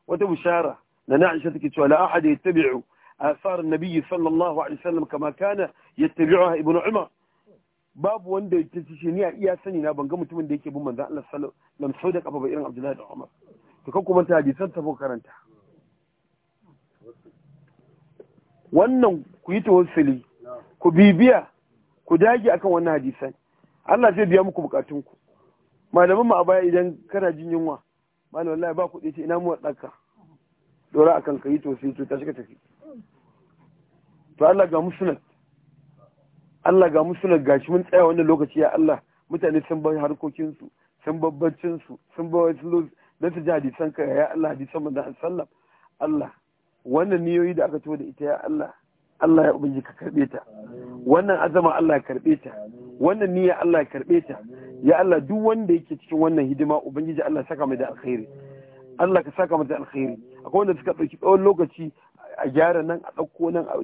wata bushara na na Aisha take cewa la ahad yattabi'u asar an-nabi sallallahu alaihi wasallam kama kana yattabi'uha ibnu Umar babu wanda ya ce shi ni a iya sani na ban ga mutumin da yake bin manzon Allah sallallahu alaihi wasallam da kafa ba irin Abdullahi da Umar to kan kuma ta hadisan ta karanta wannan ku yi tawassuli ku bibiya ku dage akan wannan hadisan Allah zai biya muku bukatun ku malaman mu a baya idan kana jin yunwa malam wallahi ba kuɗi dace ina mu wadaka dora akan kai to sai to ta shiga tafi to Allah ga musulunci Allah ga musulun gashi mun tsaya wannan lokaci ya Allah mutane sun bar harkokinsu sun su sun bar wasu na su ji hadisan ka ya Allah hadisan manzon sallam Allah wannan niyoyi da aka tuwo da ita ya Allah Allah ya ubangi ka karbe ta wannan azama Allah ya karbe ta wannan niyya Allah ya karbe ta ya Allah duk wanda yake cikin wannan hidima ubangiji Allah saka mai da alkhairi Allah ka saka mai da alkhairi akwai wanda suka ɗauki tsawon lokaci a gyara nan a ɗauko nan a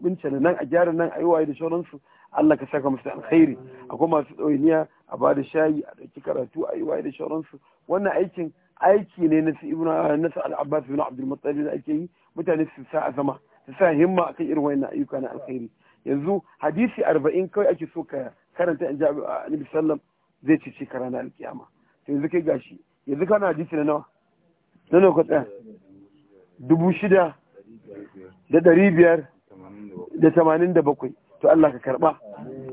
mince nan a gyara nan a yi waye da sauransu Allah ka saka musu alkhairi akwai masu ɗawainiya a ba da shayi a ɗauki karatu a yi waye da sauransu wannan aikin aiki ne na na sa al'abbas bin abdul muttalib da ake yi mutane su sa a zama su sa himma akan irin wannan ayyuka na alkhairi yanzu hadisi arba'in kawai ake so ka karanta in jabi annabi sallam zai ci shekara na alkiyama to yanzu kai gashi yanzu kana hadisi na nawa na nawa ka tsaya dubu shida da ɗari biyar da tamanin da bakwai to Allah ka karɓa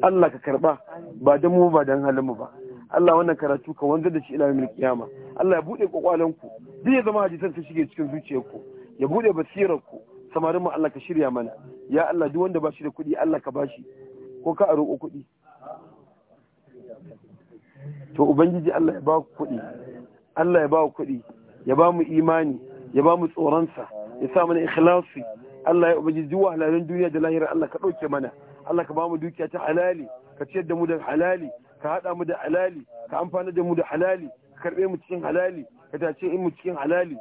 Allah ka karɓa ba don mu ba don halin mu ba Allah wannan karatu ka wanzar da shi ila mai kiyama Allah ya buɗe kwakwalen ku duk ya zama hadisan ta shige cikin zuciyar ku ya buɗe basirar ku samarin mu Allah ka shirya mana ya Allah duk wanda ba shi da kuɗi Allah ka bashi ko ka a roƙo kuɗi to ubangiji Allah ya ba ku kuɗi Allah ya ba ku kuɗi ya ba mu imani ya ba mu tsoronsa يسام الإخلاصي الله بجذوه لأن الدنيا دلائر الله كروت منه الله كبام دوكي حلالي كتشد مود حلالي كهذا مود حلالي كأنفان ده مود حلالي كرمي متشين حلالي كذا شيء متشين حلالي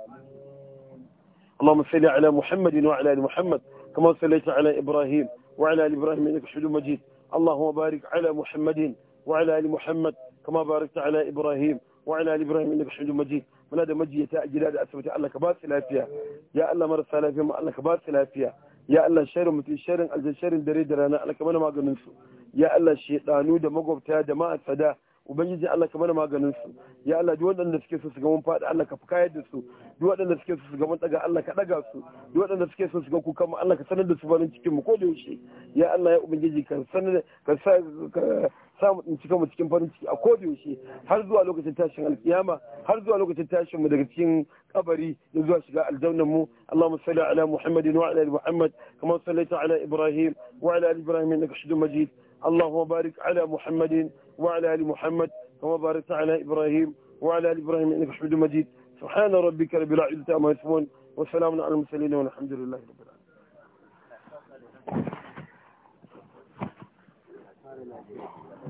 اللهم صل على محمد وعلى آل محمد كما صليت على إبراهيم وعلى آل إبراهيم إنك حميد مجيد اللهم بارك على محمد وعلى آل محمد كما باركت على إبراهيم وعلى آل إبراهيم إنك حميد مجيد muna da majiyata a gida da asibiti Allah ka ba su lafiya ya Allah marasa lafiya mu Allah ka ba su lafiya ya Allah sharrin mutum sharrin aljan sharrin dare da rana Allah ka mana maganin su ya Allah shedanu da magwabta da ma'asada ubangiji Allah ka mana maganin su ya Allah duk waɗanda suke so su ga mun faɗi Allah ka fuka da su duk waɗanda suke so su ga mun daga Allah ka daga su duk waɗanda suke so su ga kuka mu Allah ka sanar da su farin cikin mu ko da yaushe ya Allah ya ubangiji ka sanar ka sa mu tsinci kanmu cikin farin ciki a koda yaushe har zuwa lokacin tashin alkiyama har zuwa lokacin tashin mu daga cikin kabari da zuwa shiga aljannan mu Allahumma salli ala Muhammadin wa ala ali Muhammad kama sallaita ala Ibrahim wa ala ali Ibrahim innaka Hamidum Majid اللهم بارك على محمد وعلى muhammad kama كما باركت ibrahim wa وعلى ال ابراهيم انك حميد مجيد سبحان ربك رب العزه عما يصفون وسلام على المرسلين والحمد لله رب العالمين